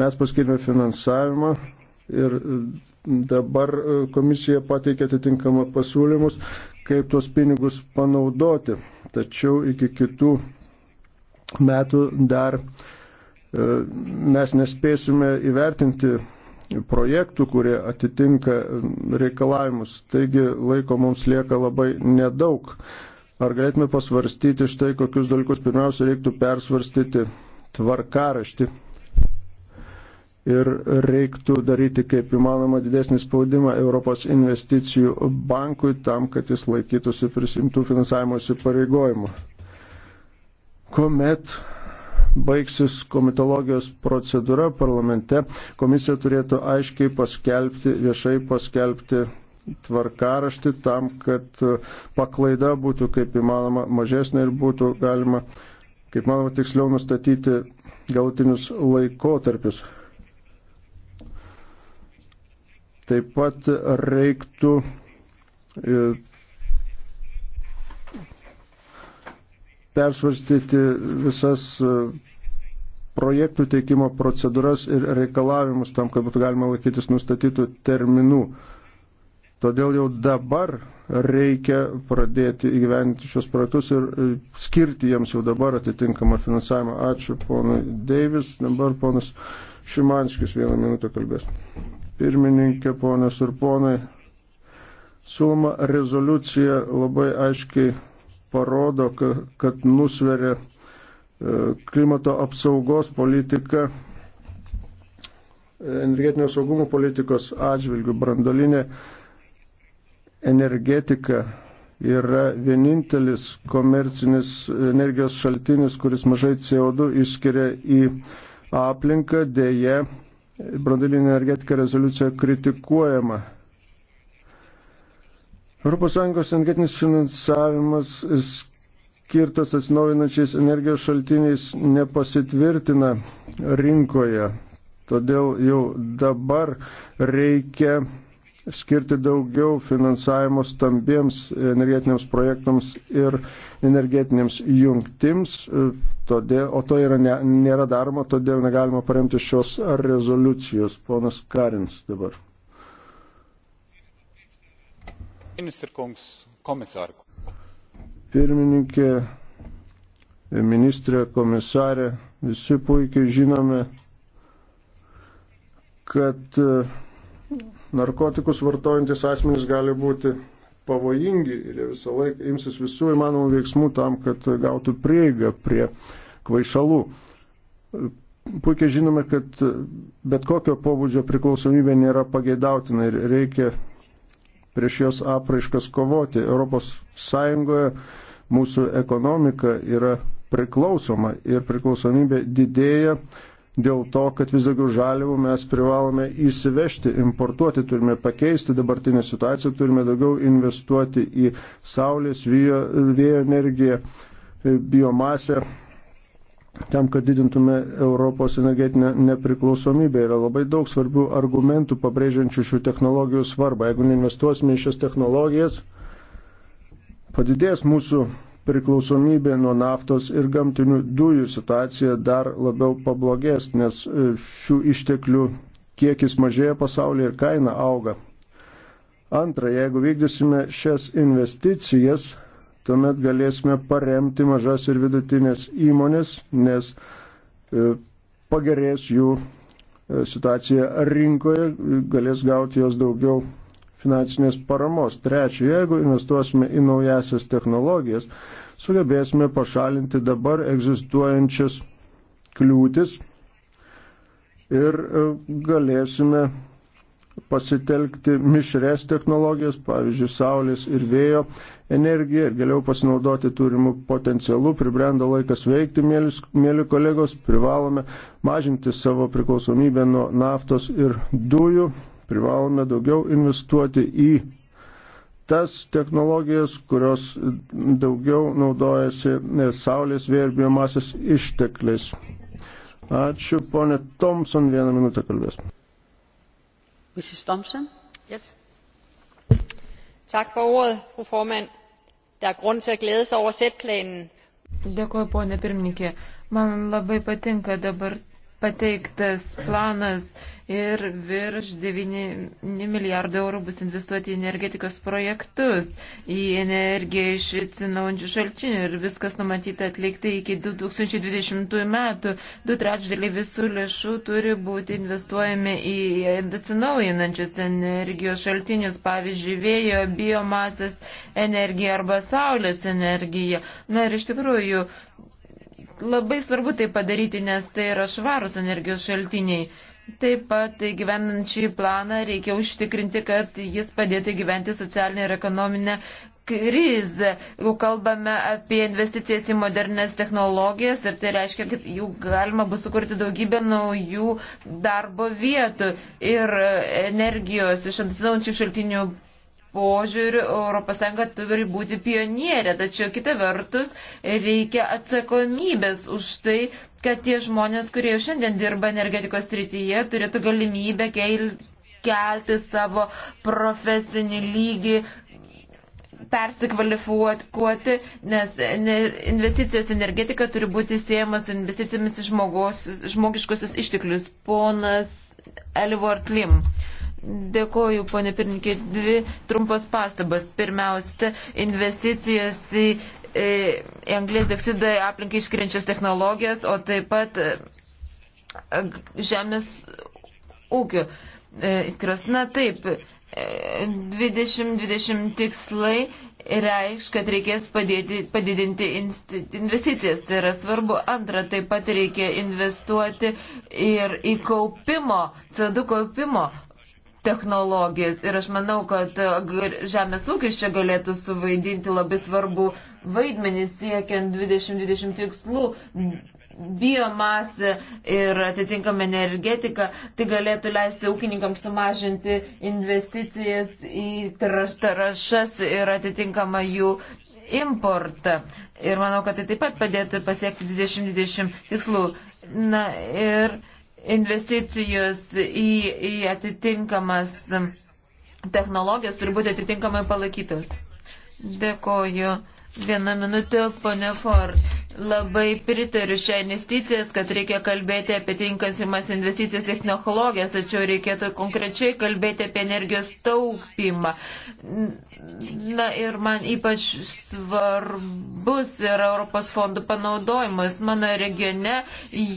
[SPEAKER 2] Mes paskirime finansavimą ir e, dabar e, komisija pateikė atitinkamą pasiūlymus, kaip tuos pinigus panaudoti. Tačiau iki kitų metų dar e, mes nespėsime įvertinti projektų, kurie atitinka reikalavimus. Taigi laiko mums lieka labai nedaug. Ar galėtume pasvarstyti štai kokius dalykus pirmiausia reiktų persvarstyti tvarkaraštį ir reiktų daryti kaip įmanoma didesnį spaudimą Europos investicijų bankui tam, kad jis laikytųsi prisimtų finansavimo įsipareigojimų. Komet baigsis komitologijos procedūra parlamente, komisija turėtų aiškiai paskelbti, viešai paskelbti tvarkaraštį tam, kad e, paklaida būtų kaip įmanoma mažesnė ir būtų galima, kaip manoma, tiksliau nustatyti galutinius laikotarpius. Taip pat reiktų e, persvarstyti visas e, projektų teikimo procedūras ir reikalavimus tam, kad būtų galima laikytis nustatytų terminų. Todėl jau dabar reikia pradėti įgyventi šios projektus ir e, skirti jiems jau dabar atitinkamą finansavimą. Ačiū ponui Deivis, dabar ponas Šimanskis vieną minutę kalbės. Pirmininkė, ponas ir ponai, siūloma rezoliucija labai aiškiai parodo, kad nusveria e, klimato apsaugos politika e, energetinio saugumo politikos atžvilgių brandolinė energetika yra vienintelis komercinis energijos šaltinis, kuris mažai CO2 išskiria į aplinką, dėje brandalinė energetika rezoliucija kritikuojama. ES energetinis finansavimas skirtas atsinaujinančiais energijos šaltiniais nepasitvirtina rinkoje. Todėl jau dabar reikia skirti daugiau finansavimo stambiems energetiniams projektams ir energetinėms jungtims, todėl, o to yra, ne, nėra daroma, todėl negalima paremti šios rezoliucijos. Ponas Karins dabar.
[SPEAKER 3] Ministerkungs, komisarku.
[SPEAKER 2] Pirmininkė, ministrė, komisarė, visi puikiai žinome, kad uh, narkotikus vartojantis asmenys gali būti pavojingi ir jie visą laiką imsis visų įmanomų veiksmų tam, kad gautų prieigą prie kvaišalų. Puikiai žinome, kad bet kokio pobūdžio priklausomybė nėra pageidautina ir reikia prieš jos apraiškas kovoti. Europos Sąjungoje mūsų ekonomika yra priklausoma ir priklausomybė didėja dėl to, kad vis daugiau žaliavų mes privalome įsivežti, importuoti, turime pakeisti dabartinę situaciją, turime daugiau investuoti į saulės, vėjo, vėjo energiją, biomasę, tam, kad didintume Europos energetinę nepriklausomybę. Yra labai daug svarbių argumentų pabrėžiančių šių technologijų svarbą. Jeigu neinvestuosime į šias technologijas, padidės mūsų priklausomybė nuo naftos ir gamtinių dujų situacija dar labiau pablogės, nes e, šių išteklių kiekis mažėja pasaulyje ir kaina auga. Antra, jeigu vykdysime šias investicijas, tuomet galėsime paremti mažas ir vidutinės įmonės, nes e, pagerės jų e, situacija rinkoje, galės gauti jos daugiau finansinės paramos. Trečia, jeigu investuosime į naujasias technologijas, sugebėsime pašalinti dabar egzistuojančias kliūtis ir e, galėsime pasitelkti mišrės technologijas, pavyzdžiui, saulės ir vėjo energiją ir geriau pasinaudoti turimų potencialų. Pribrendo laikas veikti, mėlis, mėly kolegos, privalome mažinti savo priklausomybę nuo naftos ir dujų. Privalome daugiau investuoti į tas technologijas, kurios daugiau naudojasi saulės vėjo ir biomasės ištekliais. Ačiū, ponė Thompson, vieną minutę kalbės.
[SPEAKER 3] Mrs. Thompson, yes. Tak for ordet, fru
[SPEAKER 1] formand. Der er grund til at glæde sig over sætplanen. Dėkuoju, ponė pirmininkė. Man labai patinka dabar pateiktas planas ir virš 9 milijardų eurų bus investuoti į energetikos projektus, į energiją iš atsinaujančių šaltinių ir viskas numatyta atlikti iki 2020 metų. Du trečdaliai visų lėšų turi būti investuojami į atsinaujinančius energijos šaltinius, pavyzdžiui, vėjo, biomasės energiją arba saulės energiją. Na ir iš tikrųjų Labai svarbu tai padaryti, nes tai yra švarus energijos šaltiniai. Taip pat gyvenant šį planą reikia užtikrinti, kad jis padėtų gyventi socialinę ir ekonominę krizę. Jau kalbame apie investicijas į modernes technologijas ir tai reiškia, kad jų galima bus sukurti daugybę naujų darbo vietų ir energijos iš atsinaujančių šaltinių požiūriu ES turi būti pionierė, tačiau kita vertus reikia atsakomybės už tai, kad tie žmonės, kurie jau šiandien dirba energetikos srityje, turėtų galimybę kelti savo profesinį lygį, persikvalifikuoti, nes investicijos energetika turi būti siejamas su investicijomis į žmogiškusius išteklius. Ponas Elivort Lim. Uh, Dėkoju, ponė pirmininkė, dvi trumpos pastabas. Pirmiausia, investicijos į, į, į anglės dioksidą aplinkai iškrenčias technologijas, o taip pat e, žemės ūkio įskras. E, Na taip, 2020 e, tikslai reikš, kad reikės padėti, padidinti investicijas. Tai yra svarbu. Antra, taip pat reikia investuoti ir į kaupimo, CO2 kaupimo technologijas. Ir aš manau, kad e, žemės ūkis čia galėtų suvaidinti labai svarbu vaidmenį siekiant 2020 tikslų biomasė ir atitinkama energetika, tai galėtų leisti ūkininkams sumažinti investicijas į tarašas ir atitinkamą jų importą. Ir manau, kad tai taip pat padėtų pasiekti 2020 tikslų. Na ir uh, investicijos į, į atitinkamas technologijas turi būti atitinkamai palaikytos. Dėkoju. Vieną minutę, ponė Ford. Labai pritariu šią investicijas, kad reikia kalbėti apie tinkansimas investicijas į technologijas, tačiau reikėtų konkrečiai kalbėti apie energijos taupimą. Na ir man ypač svarbus yra Europos fondų panaudojimas. Mano regione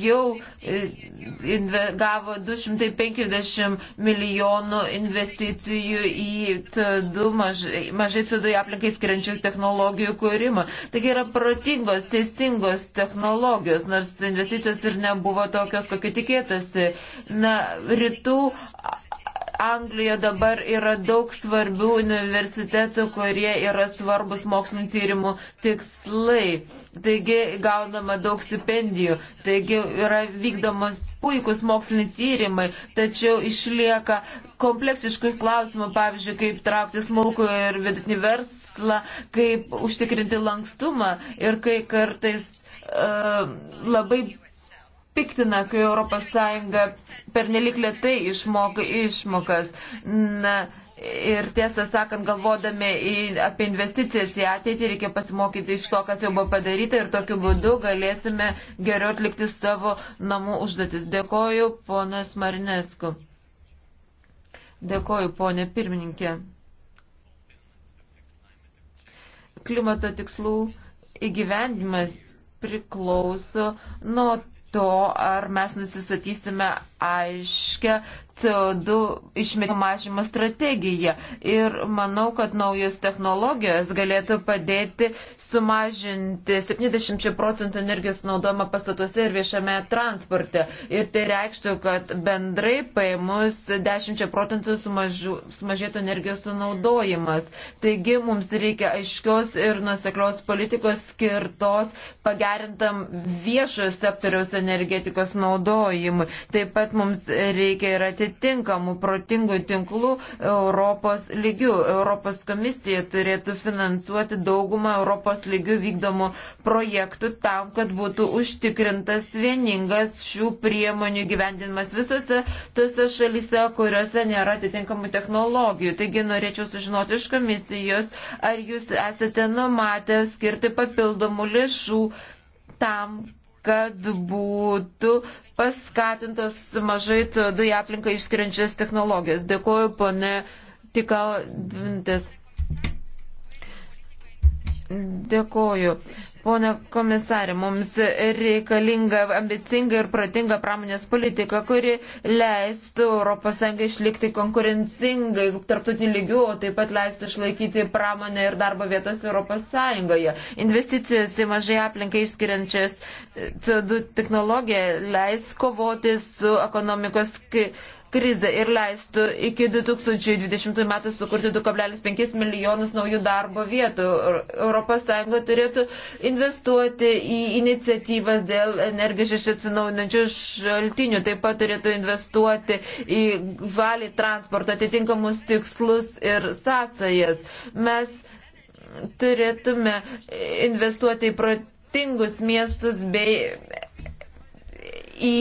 [SPEAKER 1] jau e, gavo 250 milijonų investicijų į CO2, mažai, mažai CO2 aplinkai skiriančių technologijų, kūrimo. Taigi yra protingos, teisingos technologijos, nors investicijos ir nebuvo tokios, kokie tikėtasi. Na, rytų Anglija dabar yra daug svarbių universitetų, kurie yra svarbus mokslinio tyrimų tikslai. Taigi gaunama daug stipendijų, taigi yra vykdomas puikus moksliniai tyrimai, tačiau išlieka kompleksiškų klausimų, pavyzdžiui, kaip traukti smulkų ir vidutinį vers tikslą, kaip užtikrinti lankstumą ir kai kartais uh, labai piktina, kai ES pernelik lietai išmoka išmokas. Na, ir tiesą sakant, galvodami į, apie investicijas į ateitį, reikia pasimokyti iš to, kas jau buvo padaryta ir tokiu būdu galėsime geriau atlikti savo namų užduotis. Dėkoju, ponas Marinesku. Dėkoju, ponė pirmininkė. klimato tikslų įgyvendimas priklauso nuo to, ar mes nusistatysime aiškę CO2 išmetimo mažimo strategiją. Ir manau, kad naujos technologijos galėtų padėti sumažinti 70 procentų energijos naudojimą pastatuose ir viešame transporte. Ir tai reikštų, kad bendrai paėmus 10 procentų sumažu, sumažėtų energijos sunaudojimas. Taigi mums reikia aiškios ir nuseklios politikos skirtos pagerintam viešojo sektoriaus energetikos naudojimui. Taip pat mums reikia ir atitikti atitinkamų protingų tinklų Europos lygių. Europos komisija turėtų finansuoti daugumą Europos lygių vykdomų projektų tam, kad būtų užtikrintas vieningas šių priemonių gyvendinimas visose tose šalise, kuriuose nėra atitinkamų technologijų. Taigi norėčiau sužinoti iš komisijos, ar jūs esate numatę skirti papildomų lėšų tam, kad būtų paskatintos mažai CO2 aplinką išskiriančias technologijas. Dėkuoju, pone Tikau Dvintis. Dėkuoju. Pone komisarė, mums reikalinga ambicinga ir pratinga pramonės politika, kuri leistų ES išlikti konkurencingai tarptautiniu lygiu, o taip pat leistų išlaikyti pramonę ir darbo vietas ES. Investicijos į mažai aplinkai išskiriančias CO2 technologiją leis kovoti su ekonomikos krizė krizę ir leistų iki 2020 metų sukurti 2,5 milijonus naujų darbo vietų. ES turėtų investuoti į iniciatyvas dėl energijos iš atsinaujinančių šaltinių, taip pat turėtų investuoti į valį transportą, atitinkamus tikslus ir sąsajas. Mes turėtume investuoti į protingus miestus bei į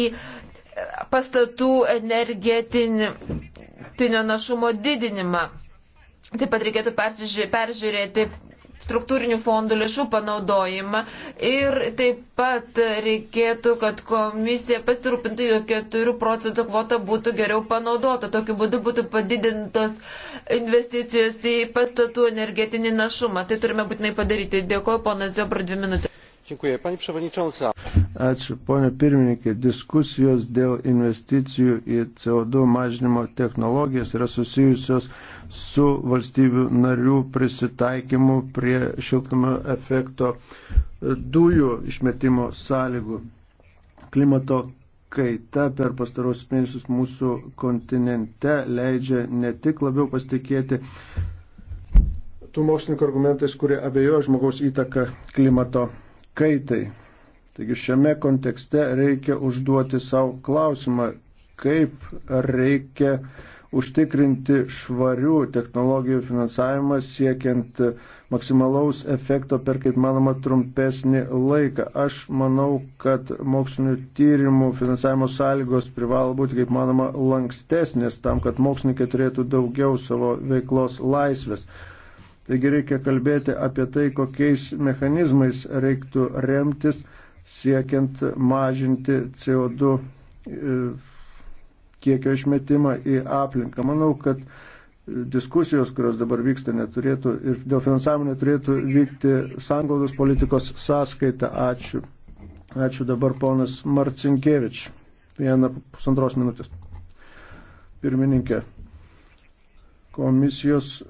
[SPEAKER 1] pastatų energetinio našumo didinimą. Taip pat reikėtų peržiūrėti struktūrinių fondų lėšų panaudojimą ir taip pat reikėtų, kad komisija pasirūpintų, jog 4 procentų kvota būtų geriau panaudota. Tokiu būdu būtų padidintos investicijos į pastatų energetinį našumą. Tai turime būtinai padaryti. Dėkuoju, ponas Ziobra, dvi minutės.
[SPEAKER 2] Ačiū, ponė pirmininkė. Diskusijos dėl investicijų į CO2 mažinimo technologijas yra susijusios su valstybių narių prisitaikymu prie šiltnamio efekto dujų išmetimo sąlygų. Klimato kaita per pastarosius mėnesius mūsų kontinente leidžia ne tik labiau pasitikėti tų mokslininkų argumentais, kurie abejoja žmogaus įtaką klimato kaitai. Taigi šiame kontekste reikia užduoti savo klausimą, kaip reikia užtikrinti švarių technologijų finansavimą siekiant maksimalaus efekto per kaip manoma trumpesnį laiką. Aš manau, kad mokslinių tyrimų finansavimo sąlygos privalo būti kaip manoma lankstesnės tam, kad mokslininkai turėtų daugiau savo veiklos laisvės. Taigi reikia kalbėti apie tai, kokiais mechanizmais reiktų remtis siekiant mažinti CO2 e, kiekio išmetimą į aplinką. Manau, kad diskusijos, kurios dabar vyksta, neturėtų ir dėl finansavimo neturėtų vykti sanglaudos politikos sąskaita. Ačiū. Ačiū dabar ponas Marcinkievič. Vieną pusantros minutės. Pirmininkė, komisijos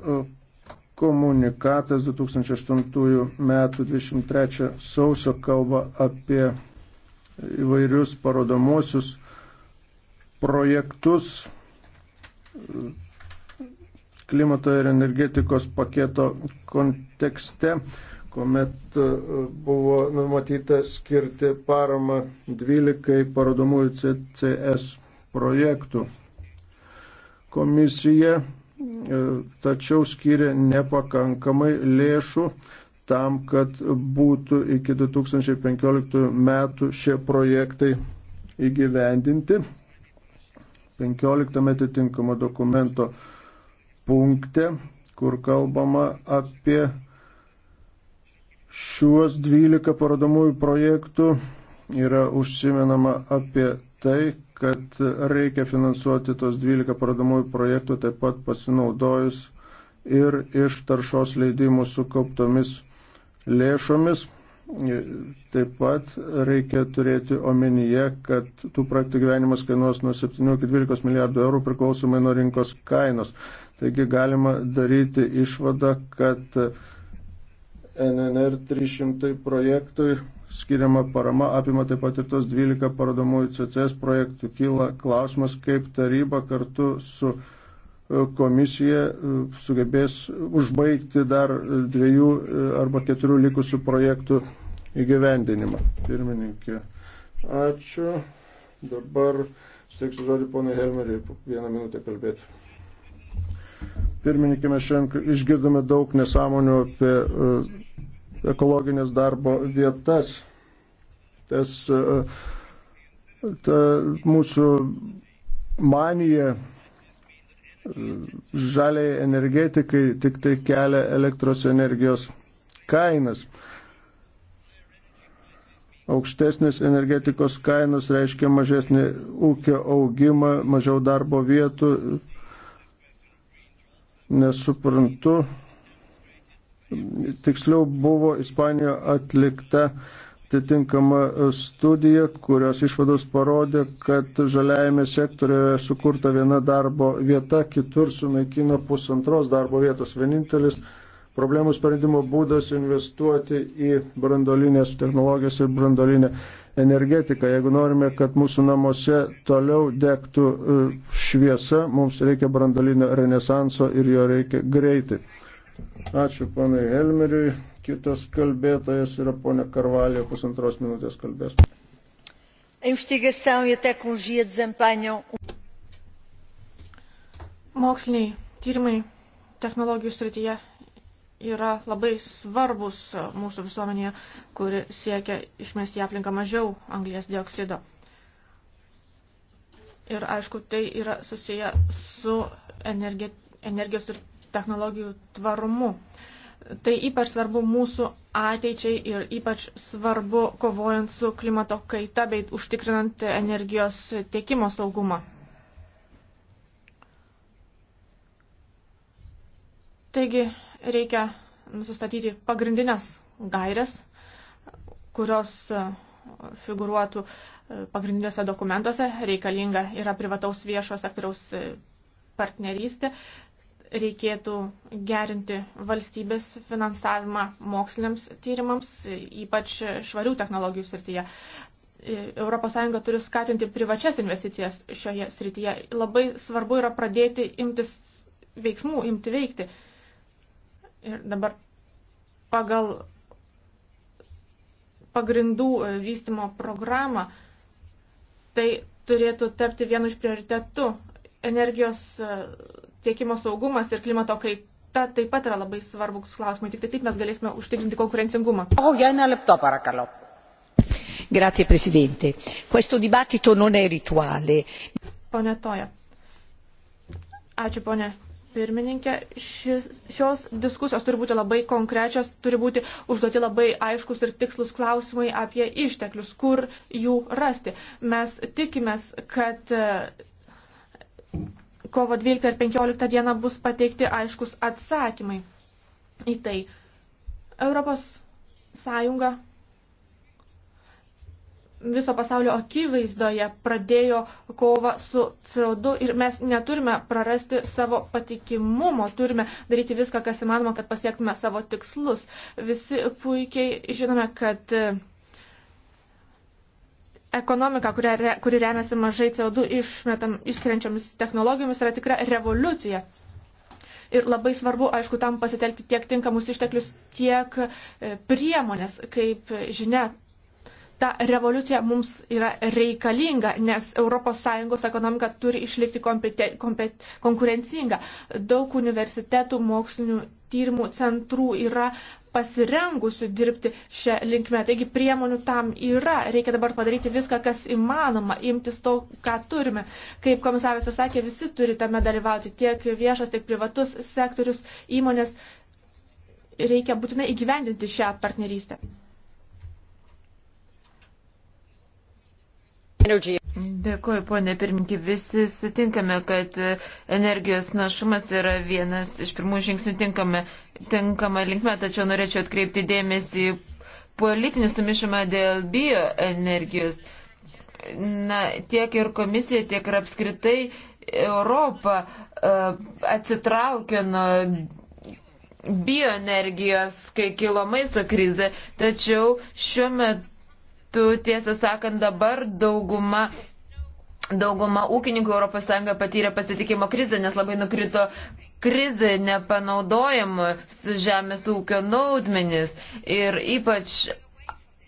[SPEAKER 2] komunikatas 2008 metų 23 sausio kalba apie įvairius parodomosius projektus klimato ir energetikos paketo kontekste, kuomet e, buvo numatyta skirti paramą 12 parodomųjų CCS projektų. Komisija E, tačiau skiria nepakankamai lėšų tam, kad būtų iki 2015 metų šie projektai įgyvendinti. 15 atitinkamo dokumento punkte, kur kalbama apie šiuos 12 parodomųjų projektų, yra užsimenama apie tai, kad reikia finansuoti tos 12 parodamųjų projektų taip pat pasinaudojus ir iš taršos leidimų sukauptomis lėšomis. Taip pat reikia turėti omenyje, kad tų projektų gyvenimas kainuos nuo 7 iki 12 milijardų eurų priklausomai nuo rinkos kainos. Taigi galima daryti išvadą, kad NNR 300 projektui skiriama parama apima taip pat ir tos 12 parodomųjų CCS projektų. Kyla klausimas, kaip taryba kartu su e, komisija e, sugebės užbaigti dar dviejų e, arba keturių likusių projektų įgyvendinimą. Pirmininkė, ačiū. Dabar steiksiu žodį ponai Helmeriai, vieną minutę kalbėti. Pirmininkė, mes šiandien išgirdome daug nesąmonių apie ekologinės darbo vietas. Tas e, ta mūsų manija e, žaliai energetikai tik tai kelia elektros energijos kainas. Aukštesnės energetikos kainos reiškia mažesnį ūkio augimą, mažiau darbo vietų. Nesuprantu, tiksliau buvo Ispanijoje atlikta atitinkama studija, kurios išvados parodė, kad žaliajame sektorėje sukurta viena darbo vieta, kitur sunaikino pusantros darbo vietos. Vienintelis problemų sprendimo būdas investuoti į brandolinės technologijas ir brandolinę energetiką. Jeigu norime, kad mūsų namuose toliau degtų e, šviesa, mums reikia brandolinio renesanso ir jo reikia greitai. Ačiū ponai Helmeriui. Kitas kalbėtojas yra ponė Karvalė, pusantros minutės kalbės.
[SPEAKER 3] E um Moksliniai tyrimai technologijų srityje yra labai svarbus mūsų visuomenėje, kuri siekia išmesti į aplinką mažiau anglės dioksido. Ir aišku, tai yra susiję su energi energijos ir technologijų tvarumu. Tai ypač svarbu mūsų ateičiai ir ypač svarbu kovojant su klimato kaita bei užtikrinant energijos tiekimo saugumą. Taigi reikia nusistatyti pagrindinės gairias, kurios e, figuruotų e, pagrindinėse dokumentuose, reikalinga yra privataus viešo sektoriaus e, partnerystė, reikėtų gerinti valstybės finansavimą moksliniams tyrimams, ypač švarių technologijų srityje. ES turi skatinti privačias investicijas šioje srityje. Labai svarbu yra pradėti imtis veiksmų, imti veikti. Ir dabar pagal pagrindų e, vystimo programą tai turėtų tapti vienu iš prioritetų energijos e, tiekimo saugumas ir klimato kaita taip pat yra labai svarbus klausimai. Tik tai taip mes galėsime užtikrinti konkurencingumą. O, oh, Jana Lepto parakalo. Grazie Presidente. Questo dibattito non è rituale. Pone Toja. Ačiū, ponė pirmininkė, šis, šios diskusijos turi būti labai konkrečios, turi būti užduoti labai aiškus ir tikslus klausimai apie išteklius, kur jų rasti. Mes tikimės, kad kovo 12 ir 15 dieną bus pateikti aiškus atsakymai į tai. Europos Sąjunga viso pasaulio akivaizdoje pradėjo kovą su CO2 ir mes neturime prarasti savo patikimumo, turime daryti viską, kas įmanoma, kad pasiektume savo tikslus. Visi puikiai žinome, kad ekonomika, kuria, kuri remiasi mažai CO2 išmetam išskrenčiamis technologijomis, yra tikra revoliucija. Ir labai svarbu, aišku, tam pasitelkti tiek tinkamus išteklius, tiek e, priemonės, kaip žinia. Ta revoliucija mums yra reikalinga, nes ES ekonomika turi išlikti kompete, kompet, konkurencinga. Daug universitetų, mokslinių tyrimų centrų yra pasirengusių dirbti šią linkmę. Taigi priemonių tam yra. Reikia dabar padaryti viską, kas įmanoma, imtis to, ką turime. Kaip komisaras ir sakė, visi turi tame dalyvauti, tiek viešas, tiek privatus sektorius, įmonės. Reikia būtinai įgyvendinti šią partnerystę.
[SPEAKER 1] Energy. Dėkuoju, ponė pirmininkė. Visi sutinkame, kad energijos našumas yra vienas iš pirmų žingsnių tinkama, tinkama linkme, tačiau norėčiau atkreipti dėmesį į politinį sumišimą dėl bioenergijos. Na, tiek ir komisija, tiek ir apskritai Europa e, atsitraukė nuo bioenergijos, kai kilo maisto krize, tačiau šiuo metu metu, tiesą sakant, dabar dauguma dauguma ūkininkų ES patyrė pasitikimo krizę, nes labai nukrito krizė nepanaudojamas žemės ūkio naudmenis ir ypač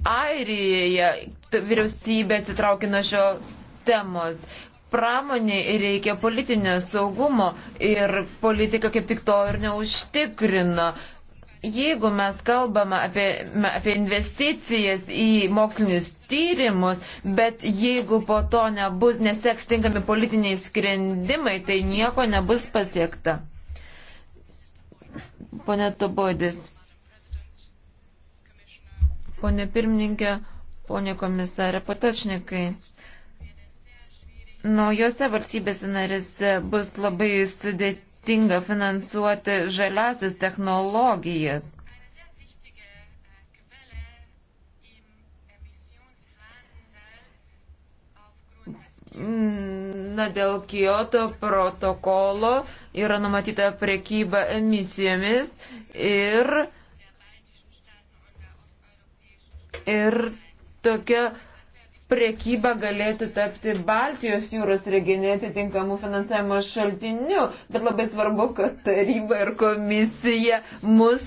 [SPEAKER 1] Airijoje vyriausybė atsitraukė nuo šios temos. Pramoniai reikia politinio saugumo ir politika kaip tik to ir neužtikrino jeigu mes kalbame apie, apie investicijas į mokslinius tyrimus, bet jeigu po to nebus, neseks tinkami politiniai sprendimai, tai nieko nebus pasiekta. Pone Tobodis. Pone pirmininkė, pone komisarė Patočnikai. Naujose valstybėse narėse bus labai sudėti sudėtinga finansuoti žaliasis technologijas. Na, dėl Kyoto protokolo yra numatyta prekyba emisijomis ir, ir tokia prekyba galėtų tapti Baltijos jūros regione atitinkamų finansavimo šaltiniu, bet labai svarbu, kad taryba ir komisija mus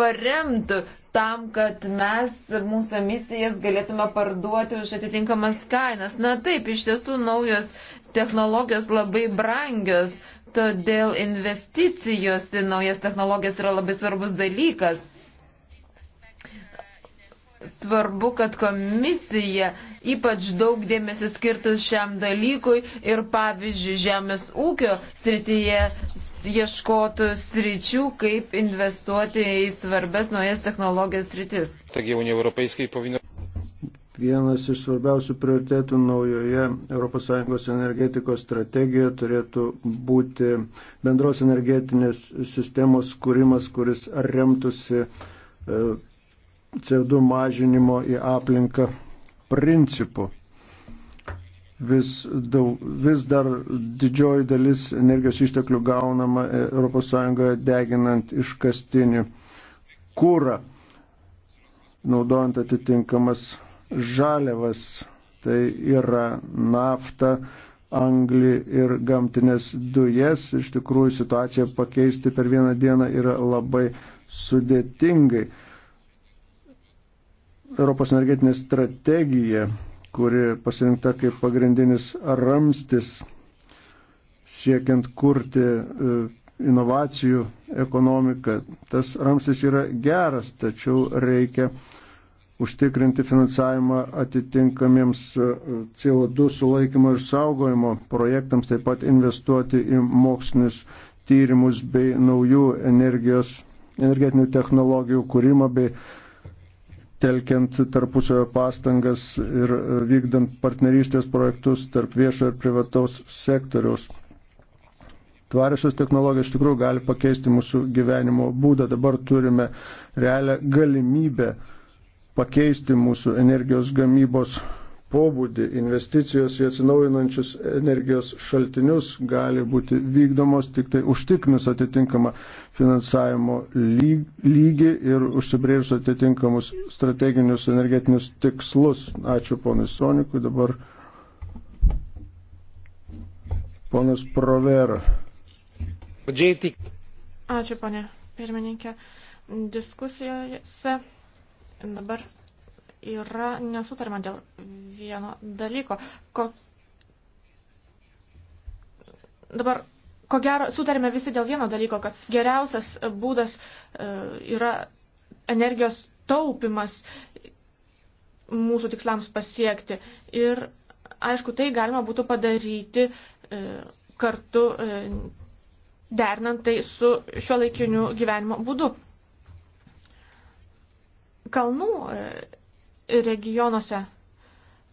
[SPEAKER 1] paremtų tam, kad mes mūsų misijas galėtume parduoti už atitinkamas kainas. Na taip, iš tiesų naujos technologijos labai brangios, todėl investicijos į naujas technologijas yra labai svarbus dalykas svarbu, kad komisija ypač daug dėmesio skirtas šiam dalykui ir pavyzdžiui žemės ūkio srityje ieškotų sričių, kaip investuoti į svarbes naujas technologijas sritis.
[SPEAKER 2] Taigi, Unija Europaiskiai pavino. Vienas iš svarbiausių prioritėtų naujoje ES energetikos strategijoje turėtų būti bendros energetinės sistemos kūrimas, kuris remtųsi e, CO2 mažinimo į aplinką principų. Vis, daug, vis dar didžioji dalis energijos išteklių gaunama ES deginant iškastinį kūrą, naudojant atitinkamas žaliavas, tai yra nafta, anglį ir gamtinės dujas. Iš tikrųjų situaciją pakeisti per vieną dieną yra labai sudėtingai. Europos energetinė strategija, kuri pasirinkta kaip pagrindinis ramstis siekiant kurti e, inovacijų ekonomiką. Tas ramstis yra geras, tačiau reikia užtikrinti finansavimą atitinkamiems e, CO2 sulaikymo ir saugojimo projektams, taip pat investuoti į mokslinius tyrimus bei naujų energijos, energetinių technologijų kūrimą bei telkiant tarpusavio pastangas ir e, vykdant partnerystės projektus tarp viešo ir privataus sektoriaus. Tvariosios technologijos iš tikrųjų gali pakeisti mūsų gyvenimo būdą. Dabar turime realią galimybę pakeisti mūsų energijos gamybos pobūdį. Investicijos į atsinaujinančius energijos šaltinius gali būti vykdomos tik tai užtikrinus atitinkamą finansavimo lygį ir užsibrėžus atitinkamus strateginius energetinius tikslus. Ačiū ponui Sonikui, dabar ponas Provera. Ačiū
[SPEAKER 3] ponė pirmininkė. Diskusijose dabar yra nesutarima dėl vieno dalyko. Ko... Dabar, ko gero, sutarime visi dėl vieno dalyko, kad geriausias būdas e, yra energijos taupimas mūsų tikslams pasiekti. Ir, aišku, tai galima būtų padaryti e, kartu e, dernant tai su šio laikiniu gyvenimo būdu. Kalnų regionuose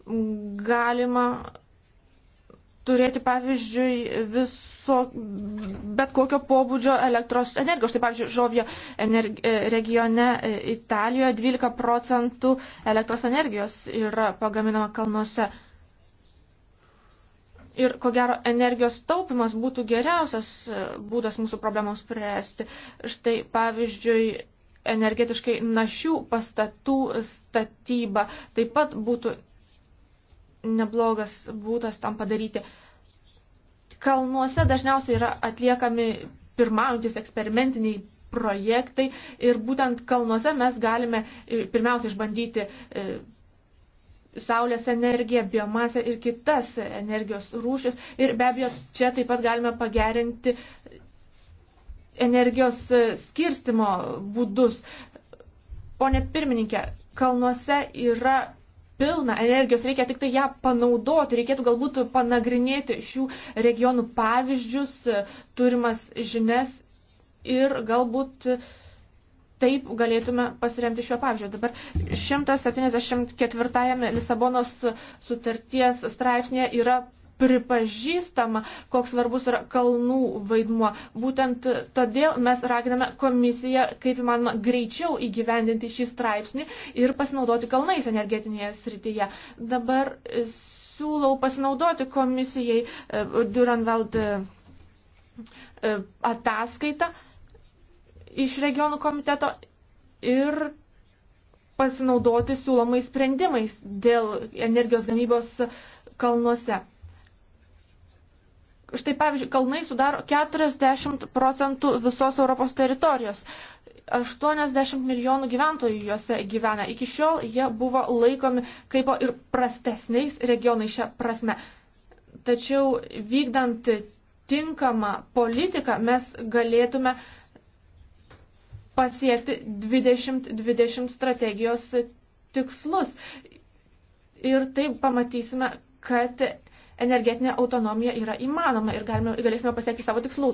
[SPEAKER 3] galima turėti, pavyzdžiui, viso, bet kokio pobūdžio elektros energijos. Štai, pavyzdžiui, Žovio energi, e, regione e, Italijoje 12 procentų elektros energijos yra pagaminama kalnuose. Ir ko gero, energijos taupimas būtų geriausias e, būdas mūsų problemams spręsti. Štai, pavyzdžiui, energetiškai našių pastatų statyba taip pat būtų neblogas būdas tam padaryti. Kalnuose dažniausiai yra atliekami pirmaujantis eksperimentiniai projektai ir būtent kalnuose mes galime e, pirmiausia išbandyti e, saulės energiją, biomasę ir kitas energijos rūšis. Ir be abejo, čia taip pat galime pagerinti energijos e, skirstimo būdus. Pone pirmininkė, kalnuose yra pilna energijos, reikia tik tai ją panaudoti, reikėtų galbūt panagrinėti šių regionų pavyzdžius, e, turimas žinias ir galbūt taip galėtume pasiremti šiuo pavyzdžiu. Dabar 174 Lisabonos sutarties straipsnėje yra pripažįstama, koks svarbus yra kalnų vaidmuo. Būtent todėl mes raginame komisiją, kaip įmanoma, greičiau įgyvendinti šį straipsnį ir pasinaudoti kalnais energetinėje srityje. Dabar e, siūlau pasinaudoti komisijai e, Duranveld e, ataskaitą iš regionų komiteto ir pasinaudoti siūlomais sprendimais dėl energijos gamybos kalnuose. Štai pavyzdžiui, kalnai sudaro 40 procentų visos Europos teritorijos. 80 milijonų gyventojų juose gyvena. Iki šiol jie buvo laikomi kaip ir prastesniais regionai šią prasme. Tačiau vykdant tinkamą politiką mes galėtume pasiekti 2020 -20 strategijos tikslus. Ir taip pamatysime, kad energetinė autonomija yra įmanoma ir galime, galėsime pasiekti savo tikslų.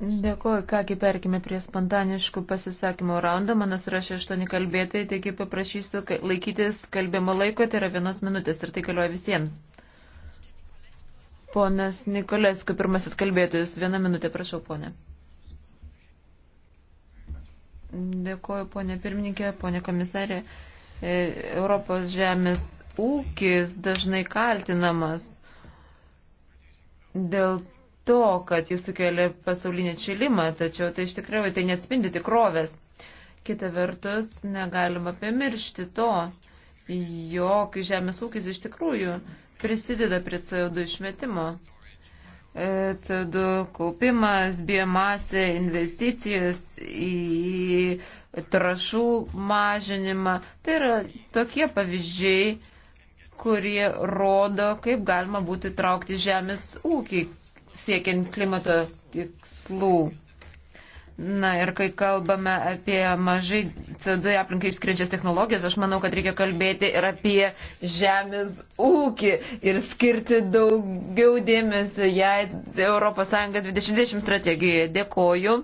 [SPEAKER 1] Dėkuoju, kągi perkime prie spontaniškų pasisakymų raundo. Manas rašė aštuoni kalbėtojai, taigi paprašysiu laikytis kalbimo laiko, tai yra vienos minutės ir tai galioja visiems. Ponas Nikolesku, pirmasis kalbėtojas, vieną minutę, prašau, ponė. Dėkuoju, ponė pirmininkė, ponė komisarė. E, Europos žemės ūkis dažnai kaltinamas dėl to, kad jis sukelia pasaulinį atšilimą, tačiau tai iš tikrųjų tai neatspindi tikrovės. Kita vertus, negalima pamiršti to, jog žemės ūkis iš tikrųjų prisideda prie CO2 išmetimo. E, CO2 kaupimas, biomasė, investicijos į trašų mažinimą. Tai yra tokie pavyzdžiai, kurie rodo, kaip galima būtų traukti žemės ūkį siekiant klimato tikslų. Na ir kai kalbame apie mažai CO2 aplinkai išskrenčias technologijas, aš manau, kad reikia kalbėti ir apie žemės ūkį ir skirti daugiau dėmesio jai ES 2020 strategijoje. Dėkoju.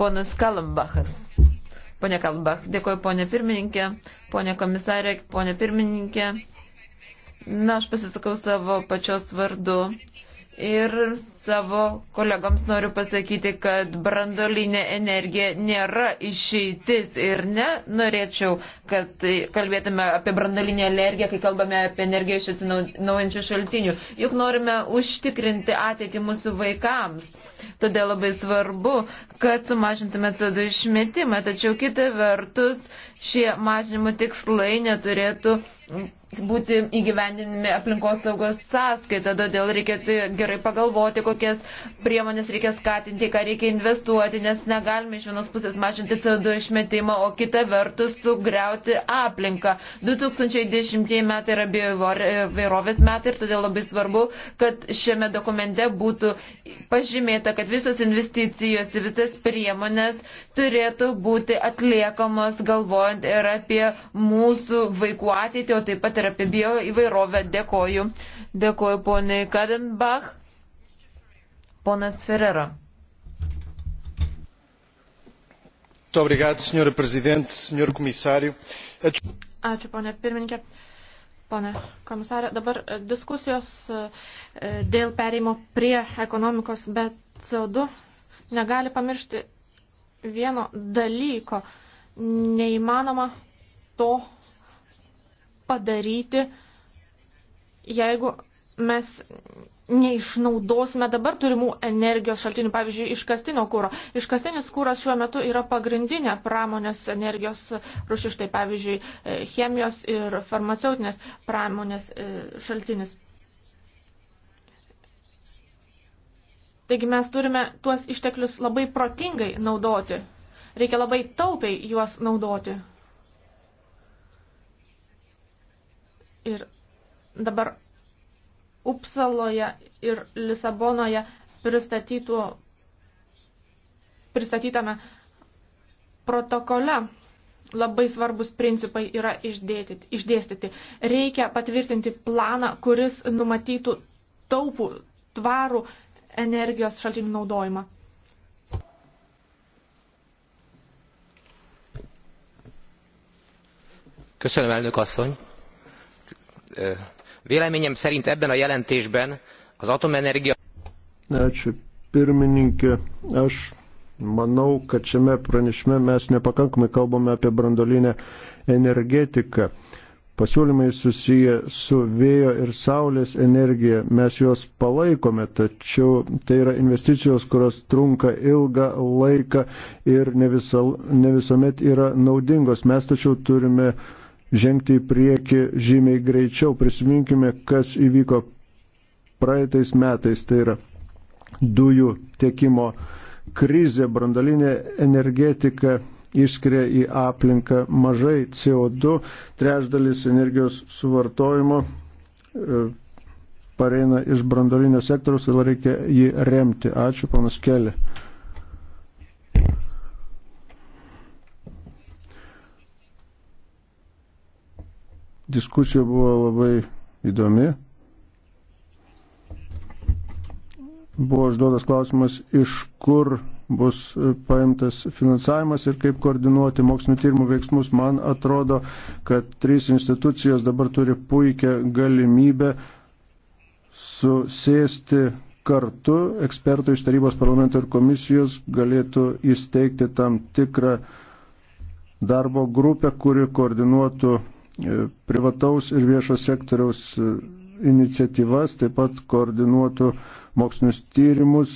[SPEAKER 1] Ponas Kalambachas. Pone Kalbach, dėkoju ponė pirmininkė, ponė komisarė, ponė pirmininkė. Na, aš pasisakau savo pačios vardu. Ir savo kolegoms noriu pasakyti, kad brandolinė energija nėra išeitis ir ne norėčiau, kad tai kalbėtume apie brandolinę energiją, kai kalbame apie energiją iš atsinaujančių šaltinių. Juk norime užtikrinti ateitį mūsų vaikams. Todėl labai svarbu, kad sumažintume CO2 išmetimą. Tačiau kita vertus, šie mažinimo tikslai neturėtų būti įgyvendinami aplinkosaugos sąskaita, todėl reikėtų gerai pagalvoti, kokias priemonės reikia skatinti, ką reikia investuoti, nes negalime iš vienos pusės mažinti CO2 išmetimą, o kita vertus sugriauti aplinką. 2010 metai yra biovairovės metai ir todėl labai svarbu, kad šiame dokumente būtų pažymėta, kad visos investicijos į visas priemonės turėtų būti atliekamos galvojant ir apie mūsų vaikų ateitį o taip pat ir apie bio įvairovę. Dėkoju. Dėkoju poniai Kadenbach. Ponas Ferrero.
[SPEAKER 2] Obrigado, senhora Presidente, senhor Comissário. Ačiū,
[SPEAKER 3] ponia pirmininkė. Pone komisarė, dabar e, diskusijos e, e, dėl pereimo prie ekonomikos be CO2 negali pamiršti vieno dalyko. Neįmanoma to padaryti, jeigu mes neišnaudosime dabar turimų energijos šaltinių, pavyzdžiui, iškastinio kūro. Iškastinis kūras šiuo metu yra pagrindinė pramonės energijos rušis, tai pavyzdžiui, e, chemijos ir farmaceutinės pramonės e, šaltinis. Taigi mes turime tuos išteklius labai protingai naudoti. Reikia labai taupiai juos naudoti. Ir dabar Upsaloje ir Lisabonoje pristatytų, pristatytame protokole labai svarbus principai yra išdėtyti, išdėstyti. Reikia patvirtinti planą, kuris numatytų taupų, tvarų energijos šaltinių naudojimą. Köszönöm, elnök asszony!
[SPEAKER 1] Véleményem szerint ebben a jelentésben az atomenergia.
[SPEAKER 2] Ačiū pirmininkė. Aš manau, kad šiame pranešime mes nepakankamai kalbame apie brandolinę energetiką. Pasiūlymai susiję su vėjo ir saulės energija. Mes juos palaikome, tačiau tai yra investicijos, kurios trunka ilgą laiką ir ne, visal, ne visuomet yra naudingos. Mes tačiau turime uh, žengti į priekį žymiai greičiau. Prisiminkime, kas įvyko praeitais metais, tai yra dujų tiekimo krizė, brandalinė energetika išskiria į aplinką mažai CO2, trečdalis energijos suvartojimo e, pareina iš brandolinio sektoriaus ir reikia jį remti. Ačiū, panas Kelė. Diskusija buvo labai įdomi. Buvo užduotas klausimas, iš kur bus paimtas finansavimas ir kaip koordinuoti mokslinio tyrimų veiksmus. Man atrodo, kad trys institucijos dabar turi puikią galimybę susėsti kartu. Ekspertai iš tarybos parlamento ir komisijos galėtų įsteigti tam tikrą darbo grupę, kuri koordinuotų E, privataus ir viešo sektoriaus e, iniciatyvas, taip pat koordinuotų mokslinius tyrimus,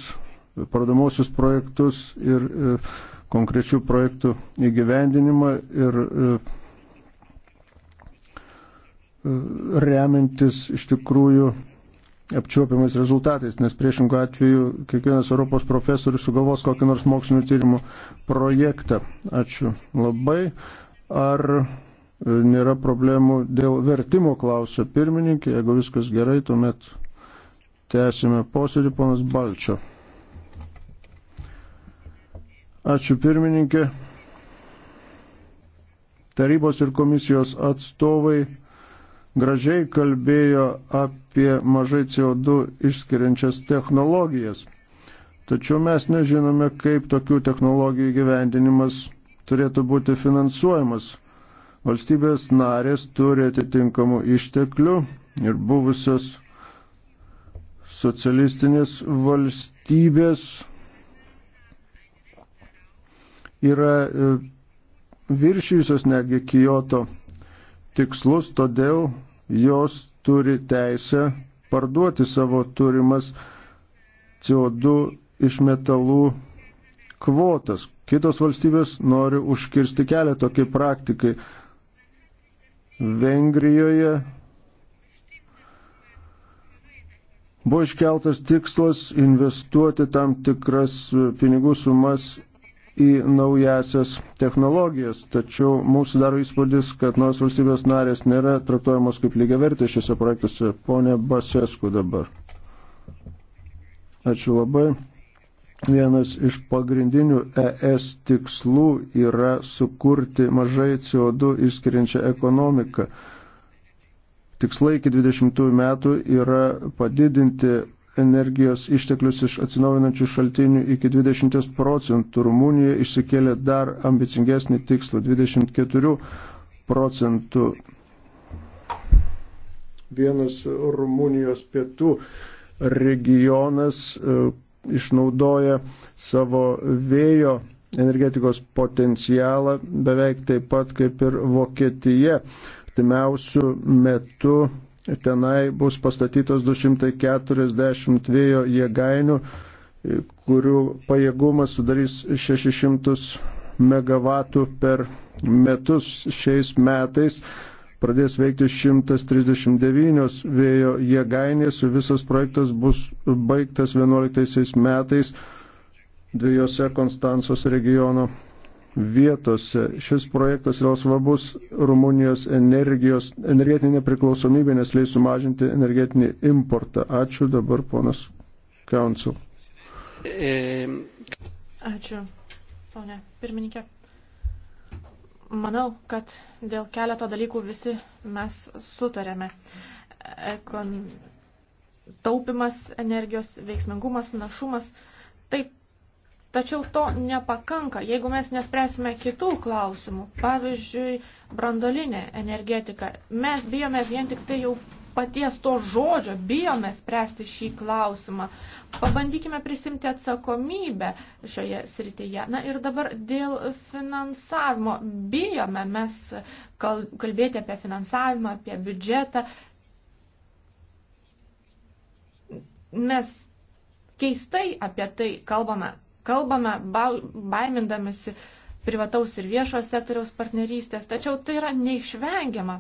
[SPEAKER 2] parodomosius projektus ir e, konkrečių projektų įgyvendinimą ir remiantis iš tikrųjų apčiuopiamais rezultatais, nes priešingų atveju kiekvienas Europos profesorius sugalvos kokį nors mokslinio tyrimų projektą. Ačiū labai. Ar E, nėra problemų dėl vertimo, klausia pirmininkė. Jeigu viskas gerai, tuomet tęsime posėdį, ponas Balčio. Ačiū pirmininkė. Tarybos ir komisijos atstovai gražiai kalbėjo apie mažai CO2 išskiriančias technologijas. Tačiau mes nežinome, kaip tokių technologijų gyvendinimas turėtų būti finansuojamas Valstybės narės turi atitinkamų išteklių ir buvusios socialistinės valstybės yra e, viršijusios netgi Kyoto tikslus, todėl jos turi teisę parduoti savo turimas CO2 iš metalų kvotas. Kitos valstybės nori užkirsti kelią tokiai praktikai. Vengrijoje buvo iškeltas tikslas investuoti tam tikras pinigų sumas į naujasias technologijas, tačiau mūsų daro įspūdis, kad nors valstybės narės nėra traktuojamos kaip lygiavertės šiuose projektuose. Pone Basesku dabar. Ačiū labai. Vienas iš pagrindinių ES tikslų yra sukurti mažai CO2 išskiriančią ekonomiką. Tikslai iki 20 metų yra padidinti energijos išteklius iš atsinaujinančių šaltinių iki 20 procentų. Rumunija išsikėlė dar ambicingesnį tikslą 24 procentų. Vienas Rumunijos pietų regionas išnaudoja savo vėjo energetikos potencialą beveik taip pat kaip ir Vokietija. Timiausių metų tenai bus pastatytos 240 vėjo jėgainių, kurių pajėgumas sudarys 600 MW per metus šiais metais pradės veikti 139 vėjo jėgainės ir visas projektas bus baigtas 11 metais dviejose Konstancijos regiono vietose. Šis projektas yra svarbus Rumunijos energijos, energetinė priklausomybė, nes leis sumažinti energetinį importą. Ačiū dabar ponas Council.
[SPEAKER 3] Ačiū, ponė pirmininkė. Manau, kad dėl keleto dalykų visi mes sutarėme. Ekon... Taupimas, energijos veiksmingumas, našumas. Taip, tačiau to nepakanka, jeigu mes nespręsime kitų klausimų. Pavyzdžiui, brandolinė energetika. Mes bijome vien tik tai jau paties to žodžio, bijome spręsti šį klausimą. Pabandykime prisimti atsakomybę šioje srityje. Na ir dabar dėl finansavimo. Bijome mes kalbėti apie finansavimą, apie biudžetą. Mes keistai apie tai kalbame. Kalbame baimindamasi privataus ir viešo sektoriaus partnerystės, tačiau tai yra neišvengiama.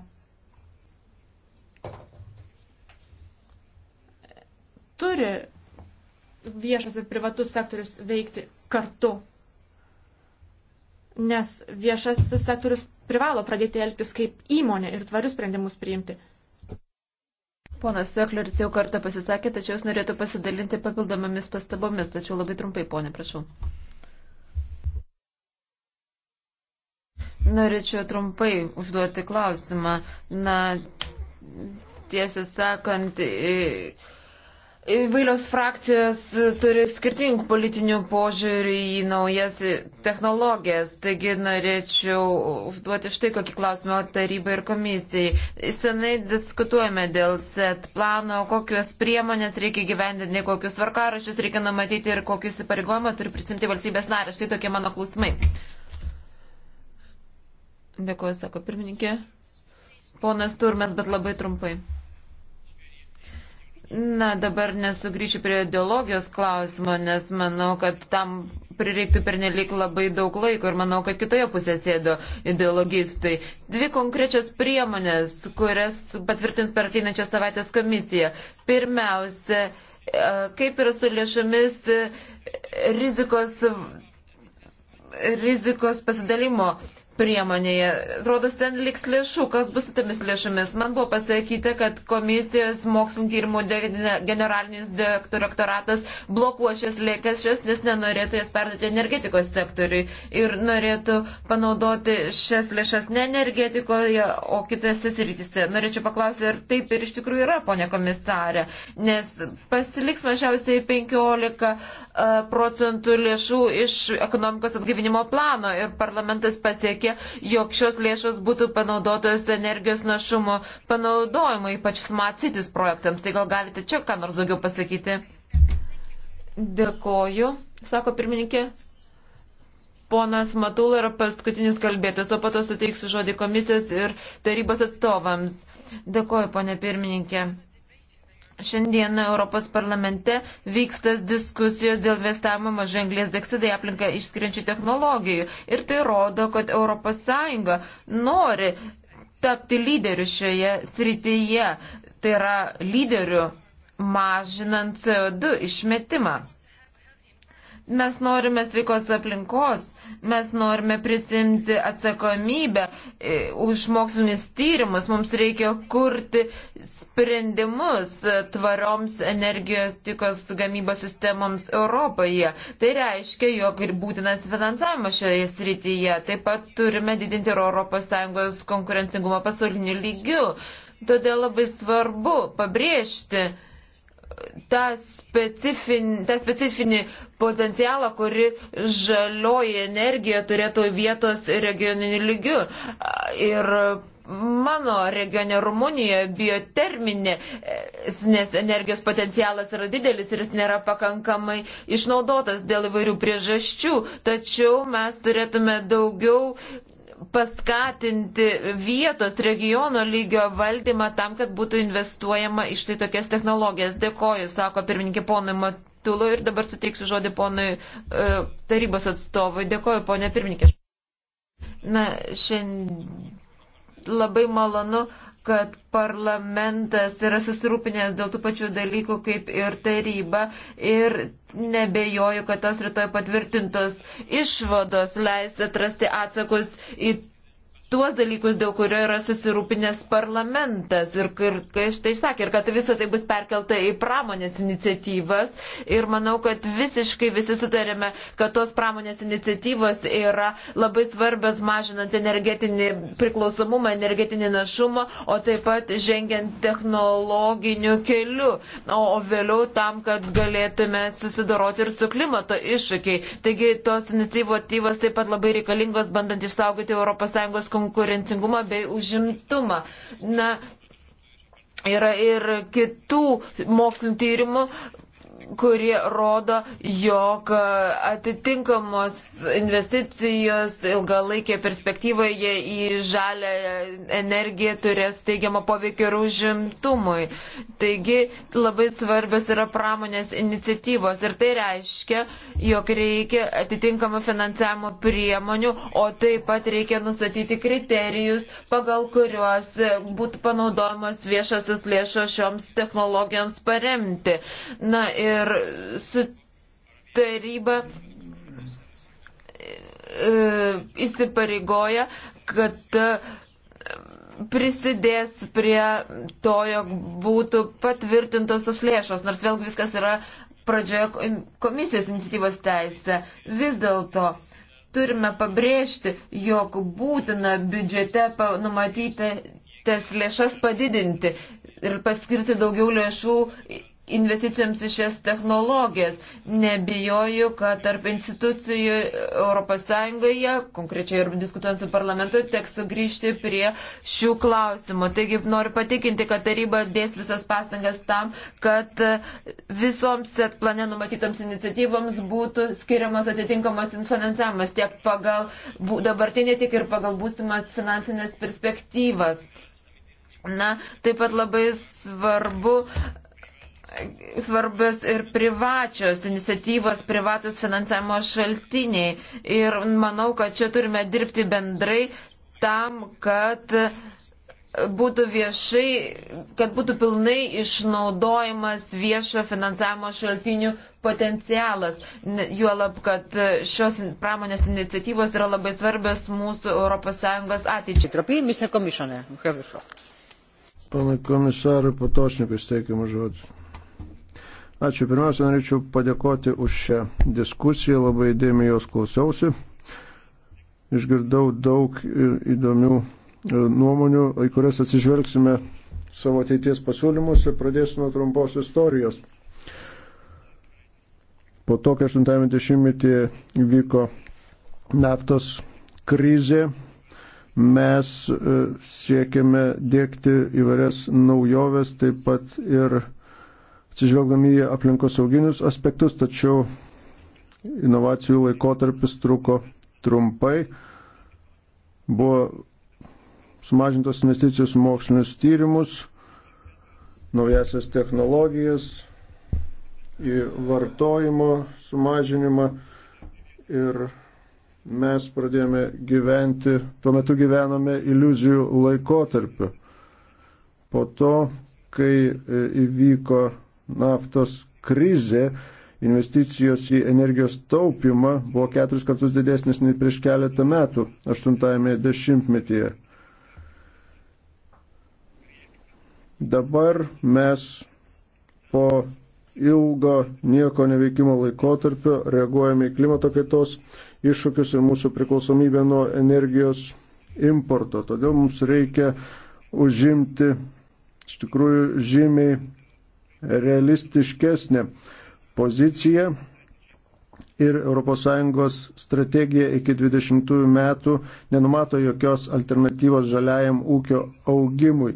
[SPEAKER 3] turi viešas ir privatus sektorius veikti kartu. Nes viešasis sektorius privalo pradėti elgtis kaip įmonė ir tvarius sprendimus priimti.
[SPEAKER 1] Ponas Sekleris jau kartą pasisakė, tačiau jis norėtų pasidalinti papildomomis pastabomis, tačiau labai trumpai, ponė, prašau. Norėčiau trumpai užduoti klausimą. Na, tiesą sakant, į Įvairios frakcijos turi skirtingų politinių požiūrį į naujas technologijas, taigi norėčiau užduoti štai kokį klausimą tarybai ir komisijai. Senai diskutuojame dėl set plano, kokios priemonės reikia gyvendinti, kokius varkarašius reikia numatyti ir kokius įpareigojimą turi prisimti valstybės narės. Štai tokie mano klausimai. Dėkuoju, sako pirmininkė. Ponas Turmes, bet labai trumpai. Na, dabar nesugrįšiu prie ideologijos klausimo, nes manau, kad tam prireiktų pernelik labai daug laiko ir manau, kad kitoje pusėje sėdo ideologistai. Dvi konkrečios priemonės, kurias patvirtins per ateinančią savaitės komisiją. Pirmiausia, e, kaip yra su lėšomis e, rizikos, rizikos pasidalimo priemonėje. Rodos, ten liks lėšų. Kas bus su tomis lėšomis? Man buvo pasakyta, kad komisijos mokslinio tyrimų generalinis direktoratas blokuos šias lėkesčias, nes nenorėtų jas perduoti energetikos sektoriui ir norėtų panaudoti šias lėšas ne energetikoje, o kitose srityse. Norėčiau paklausyti, ar taip ir iš tikrųjų yra, ponė komisarė, nes pasiliks mažiausiai 15 E, procentų lėšų iš ekonomikos atgyvinimo plano ir parlamentas pasiekė, jog šios lėšos būtų panaudotos energijos našumo panaudojimo, ypač Smart Cities projektams. Tai gal galite čia ką nors daugiau pasakyti? Dėkoju, sako pirmininkė. Ponas Matula yra paskutinis kalbėtas, o pato suteiksiu žodį komisijos ir tarybos atstovams. Dėkoju, ponė pirmininkė. Šiandien Europos parlamente vykstas diskusijos dėl vestavimo mažai anglės dioksidą į aplinką išskiriančių technologijų. Ir tai rodo, kad ES nori tapti lyderiu šioje srityje, tai yra lyderiu mažinant CO2 išmetimą. Mes norime sveikos aplinkos, mes norime prisimti atsakomybę e, už mokslinis tyrimus, mums reikia kurti sprendimus tvarioms energetikos gamybos sistemoms Europoje. Tai reiškia, jog ir būtinas finansavimas šioje srityje. Taip pat turime didinti ir ES konkurencingumą pasauliniu lygiu. Todėl labai svarbu pabrėžti tą, specifin, tą specifinį potencialą, kuri žalioji energija turėtų vietos regioninių lygių. Ir Mano regione Rumunijoje bioterminės energijos potencialas yra didelis ir jis nėra pakankamai išnaudotas dėl įvairių priežasčių, tačiau mes turėtume daugiau paskatinti vietos regiono lygio valdymą tam, kad būtų investuojama iš tai tokias technologijas. Dėkoju, sako pirmininkė ponui Matulu ir dabar suteiksiu žodį ponui uh, tarybos atstovui. Dėkoju, ponė pirmininkė. Na, šiandien labai malonu, kad parlamentas yra susirūpinęs dėl tų pačių dalykų kaip ir taryba ir nebejoju, kad tos rytoj patvirtintos išvados leis atrasti atsakus į tuos dalykus, dėl kurio yra susirūpinęs parlamentas ir kai štai sakė, ir kad visą tai bus perkelta į pramonės iniciatyvas. Ir manau, kad visiškai visi sutarėme, kad tos pramonės iniciatyvos yra labai svarbios mažinant energetinį priklausomumą, energetinį našumą, o taip pat žengiant technologiniu keliu, o, o vėliau tam, kad galėtume susidoroti ir su klimato iššūkiai. Taigi tos iniciatyvos taip pat labai reikalingos, bandant išsaugoti ES komunikacijas konkurencingumą bei užimtumą. Na, yra ir kitų mokslinių tyrimų, kuri rodo, jog atitinkamos investicijos ilgalaikė perspektyvoje į žalę energiją turės teigiamą poveikį ir užimtumui. Taigi labai svarbios yra pramonės iniciatyvos ir tai reiškia, jog reikia atitinkamą finansavimo priemonių, o taip pat reikia nustatyti kriterijus, pagal kuriuos būtų panaudojamos viešasis lėšos šioms technologijoms paremti. Na, ir ir su taryba e, įsipareigoja, kad e, prisidės prie to, jog būtų patvirtintos tos lėšos, nors vėlgi viskas yra pradžioje komisijos iniciatyvos teisė. Vis dėlto turime pabrėžti, jog būtina biudžete numatyti tas lėšas padidinti ir paskirti daugiau lėšų investicijoms į šias technologijas. Nebijoju, kad tarp institucijų ES, konkrečiai ir diskutuojant su parlamentu, teks sugrįžti prie šių klausimų. Taigi noriu patikinti, kad taryba dės visas pastangas tam, kad visoms set plane numatytams iniciatyvams būtų skiriamas atitinkamas finansavimas tiek pagal dabartinį, tiek ir pagal būsimas finansinės perspektyvas. Na, taip pat labai svarbu uh, svarbios ir privačios iniciatyvos, privatas finansavimo šaltiniai. Ir manau, kad čia turime dirbti bendrai tam, kad būtų viešai, kad būtų pilnai išnaudojimas viešo finansavimo šaltinių potencialas. Juolab, kad šios pramonės iniciatyvos yra labai svarbios mūsų ES ateičiai.
[SPEAKER 2] Pana komisarui Patošnikui steikiamas žodis. Ačiū. Pirmiausia, norėčiau padėkoti už šią diskusiją, labai dėmė jos klausiausi. Išgirdau daug įdomių e, nuomonių, į kurias atsižvelgsime savo ateities pasiūlymus ir pradėsiu nuo trumpos istorijos. Po to, kai 80-metį vyko naftos krizė, mes e, siekiame dėkti įvairias naujoves, taip pat ir atsižvelgdami į aplinkos sauginius aspektus, tačiau inovacijų laikotarpis truko trumpai. Buvo sumažintos investicijos mokslinius tyrimus, naujasias technologijas, į vartojimo sumažinimą ir mes pradėjome gyventi, tuo metu gyvenome iliuzijų laikotarpiu. Po to, kai e, įvyko naftos krizė, investicijos į energijos taupimą buvo keturis kartus didesnis nei prieš keletą metų, 80-ame dešimtmetyje. Dabar mes po ilgo nieko neveikimo laikotarpio reaguojame į klimato kaitos iššūkius ir mūsų priklausomybę nuo energijos importo. Todėl mums reikia užimti iš tikrųjų žymiai realistiškesnę poziciją ir ES strategija iki 20 metų nenumato jokios alternatyvos žaliajam ūkio augimui.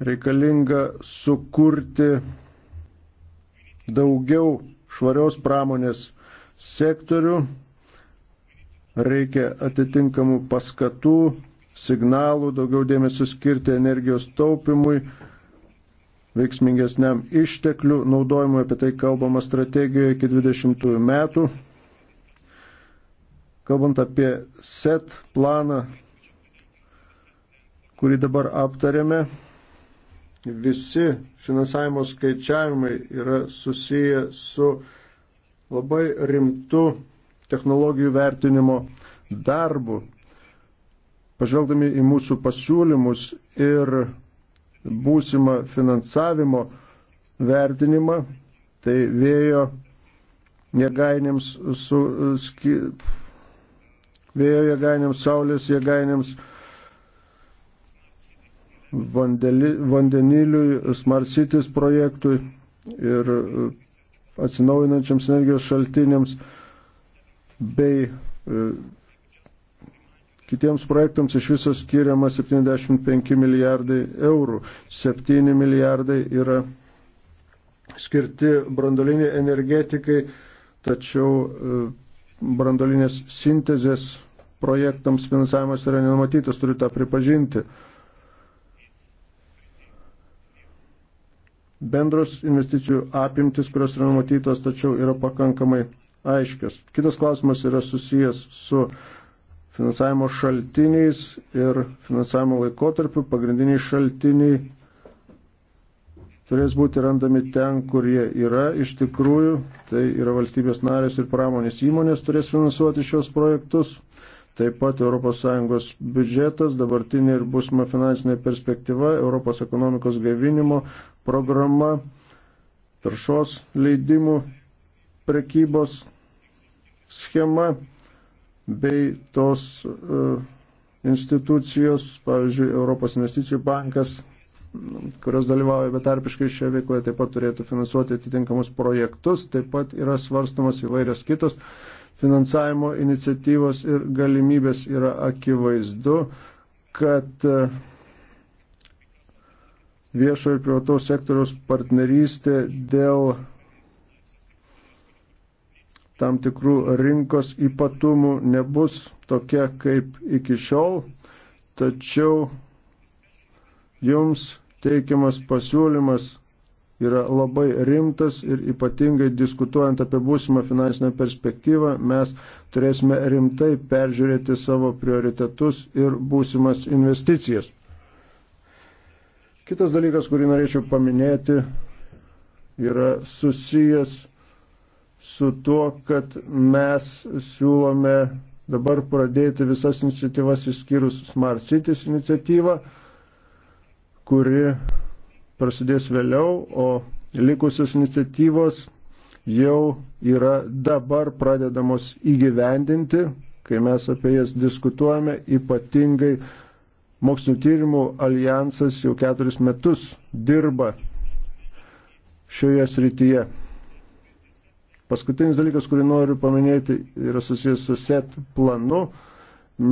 [SPEAKER 2] Reikalinga sukurti daugiau švarios pramonės sektorių, reikia atitinkamų paskatų, signalų, daugiau dėmesio skirti energijos taupimui, veiksmingesniam išteklių naudojimui, apie tai kalbama strategijoje iki 20 metų. Kalbant apie SET planą, kurį dabar aptarėme, visi finansavimo skaičiavimai yra susiję su labai rimtu technologijų vertinimo darbu. Pažvelgdami į mūsų pasiūlymus ir būsimą finansavimo vertinimą, tai vėjo jėgainėms su ski, vėjo jėgainėms, saulės jėgainėms, vandeli, vandeniliui, Smart Cities projektui ir atsinaujinančiams energijos šaltiniams bei e, Kitiems projektams iš viso skiriama 75 milijardai eurų, 7 milijardai yra skirti brandoliniai energetikai, tačiau e, brandolinės sintezės projektams finansavimas yra nenumatytas, turiu tą pripažinti. Bendros investicijų apimtis, kurios yra numatytos, tačiau yra pakankamai aiškios. Kitas klausimas yra susijęs su uh, finansavimo šaltiniais ir finansavimo laikotarpiu. Pagrindiniai šaltiniai turės būti randami ten, kur jie yra. Iš tikrųjų, tai yra valstybės narės ir pramonės įmonės turės finansuoti šios projektus. Taip pat ES biudžetas, dabartinė ir būsima finansinė perspektyva, Europos ekonomikos gaivinimo programa, taršos leidimų prekybos schema bei tos e, institucijos, pavyzdžiui, Europos investicijų bankas, kurios dalyvauja betarpiškai šioje veikloje, taip pat turėtų finansuoti atitinkamus projektus, taip pat yra svarstamos įvairios kitos finansavimo iniciatyvos ir galimybės yra akivaizdu, kad e, viešo ir privataus sektoriaus partnerystė dėl tam tikrų rinkos ypatumų nebus tokia kaip iki šiol, tačiau jums teikiamas pasiūlymas yra labai rimtas ir ypatingai diskutuojant apie būsimą finansinę perspektyvą, mes turėsime rimtai peržiūrėti savo prioritetus ir būsimas investicijas. Kitas dalykas, kurį norėčiau paminėti, yra susijęs su tuo, kad mes siūlome dabar pradėti visas iniciatyvas išskyrus Smart Cities iniciatyvą, kuri prasidės vėliau, o likusios iniciatyvos jau yra dabar pradedamos įgyvendinti, kai mes apie jas diskutuojame, ypatingai mokslinio tyrimų alijansas jau keturis metus dirba šioje srityje. Paskutinis dalykas, kurį noriu paminėti, yra susijęs su SET planu.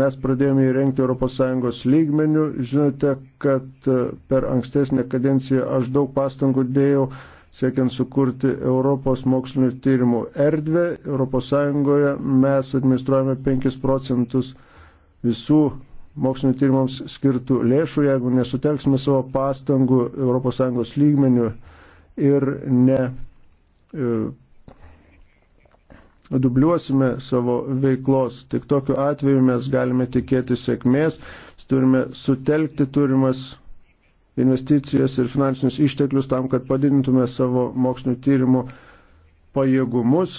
[SPEAKER 2] Mes pradėjome įrengti ES lygmenių. Žinote, kad e, per ankstesnę kadenciją aš daug pastangų dėjau siekiant sukurti Europos mokslinio tyrimų erdvę. ES mes administruojame 5 procentus visų mokslinio tyrimams skirtų lėšų, jeigu nesutelksime savo pastangų ES lygmenių ir ne e, dubliuosime savo veiklos. Tik tokiu atveju mes galime tikėti sėkmės, turime sutelkti turimas investicijas ir finansinius išteklius tam, kad padidintume savo mokslinio tyrimų pajėgumus.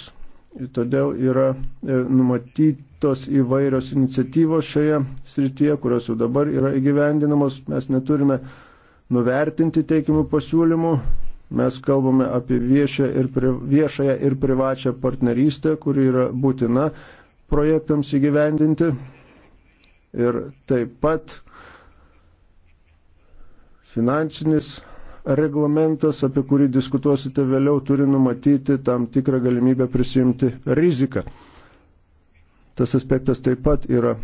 [SPEAKER 2] Ir todėl yra e, numatytos įvairios iniciatyvos šioje srityje, kurios jau dabar yra įgyvendinamos. Mes neturime nuvertinti teikimų pasiūlymų, Mes kalbame apie viešą ir pri, viešąją ir privačią partnerystę, kuri yra būtina projektams įgyvendinti. Ir taip pat finansinis reglamentas, apie kurį diskutuosite vėliau, turi numatyti tam tikrą galimybę prisimti riziką. Tas aspektas taip pat yra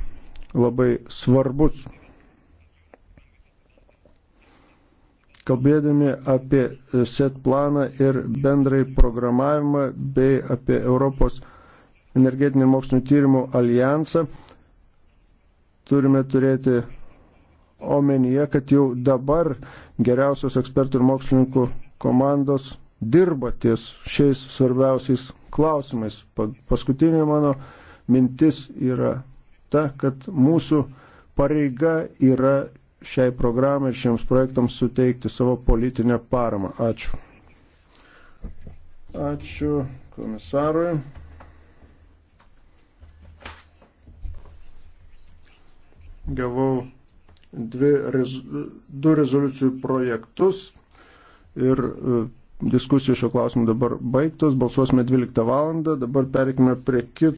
[SPEAKER 2] labai svarbus. Kalbėdami apie set planą ir bendrai programavimą bei apie Europos energetinį mokslinio tyrimų alijansą, turime turėti omenyje, kad jau dabar geriausios ekspertų ir mokslininkų komandos dirba ties šiais svarbiausiais klausimais. Paskutinė mano mintis yra ta, kad mūsų pareiga yra šiai programai ir šiems projektams suteikti savo politinę paramą. Ačiū. Ačiū komisarui. Gavau dvi, du rezoliucijų projektus ir e, diskusijų šio klausimu dabar baigtos. Balsuosime 12 valandą. Dabar perikime prie kito.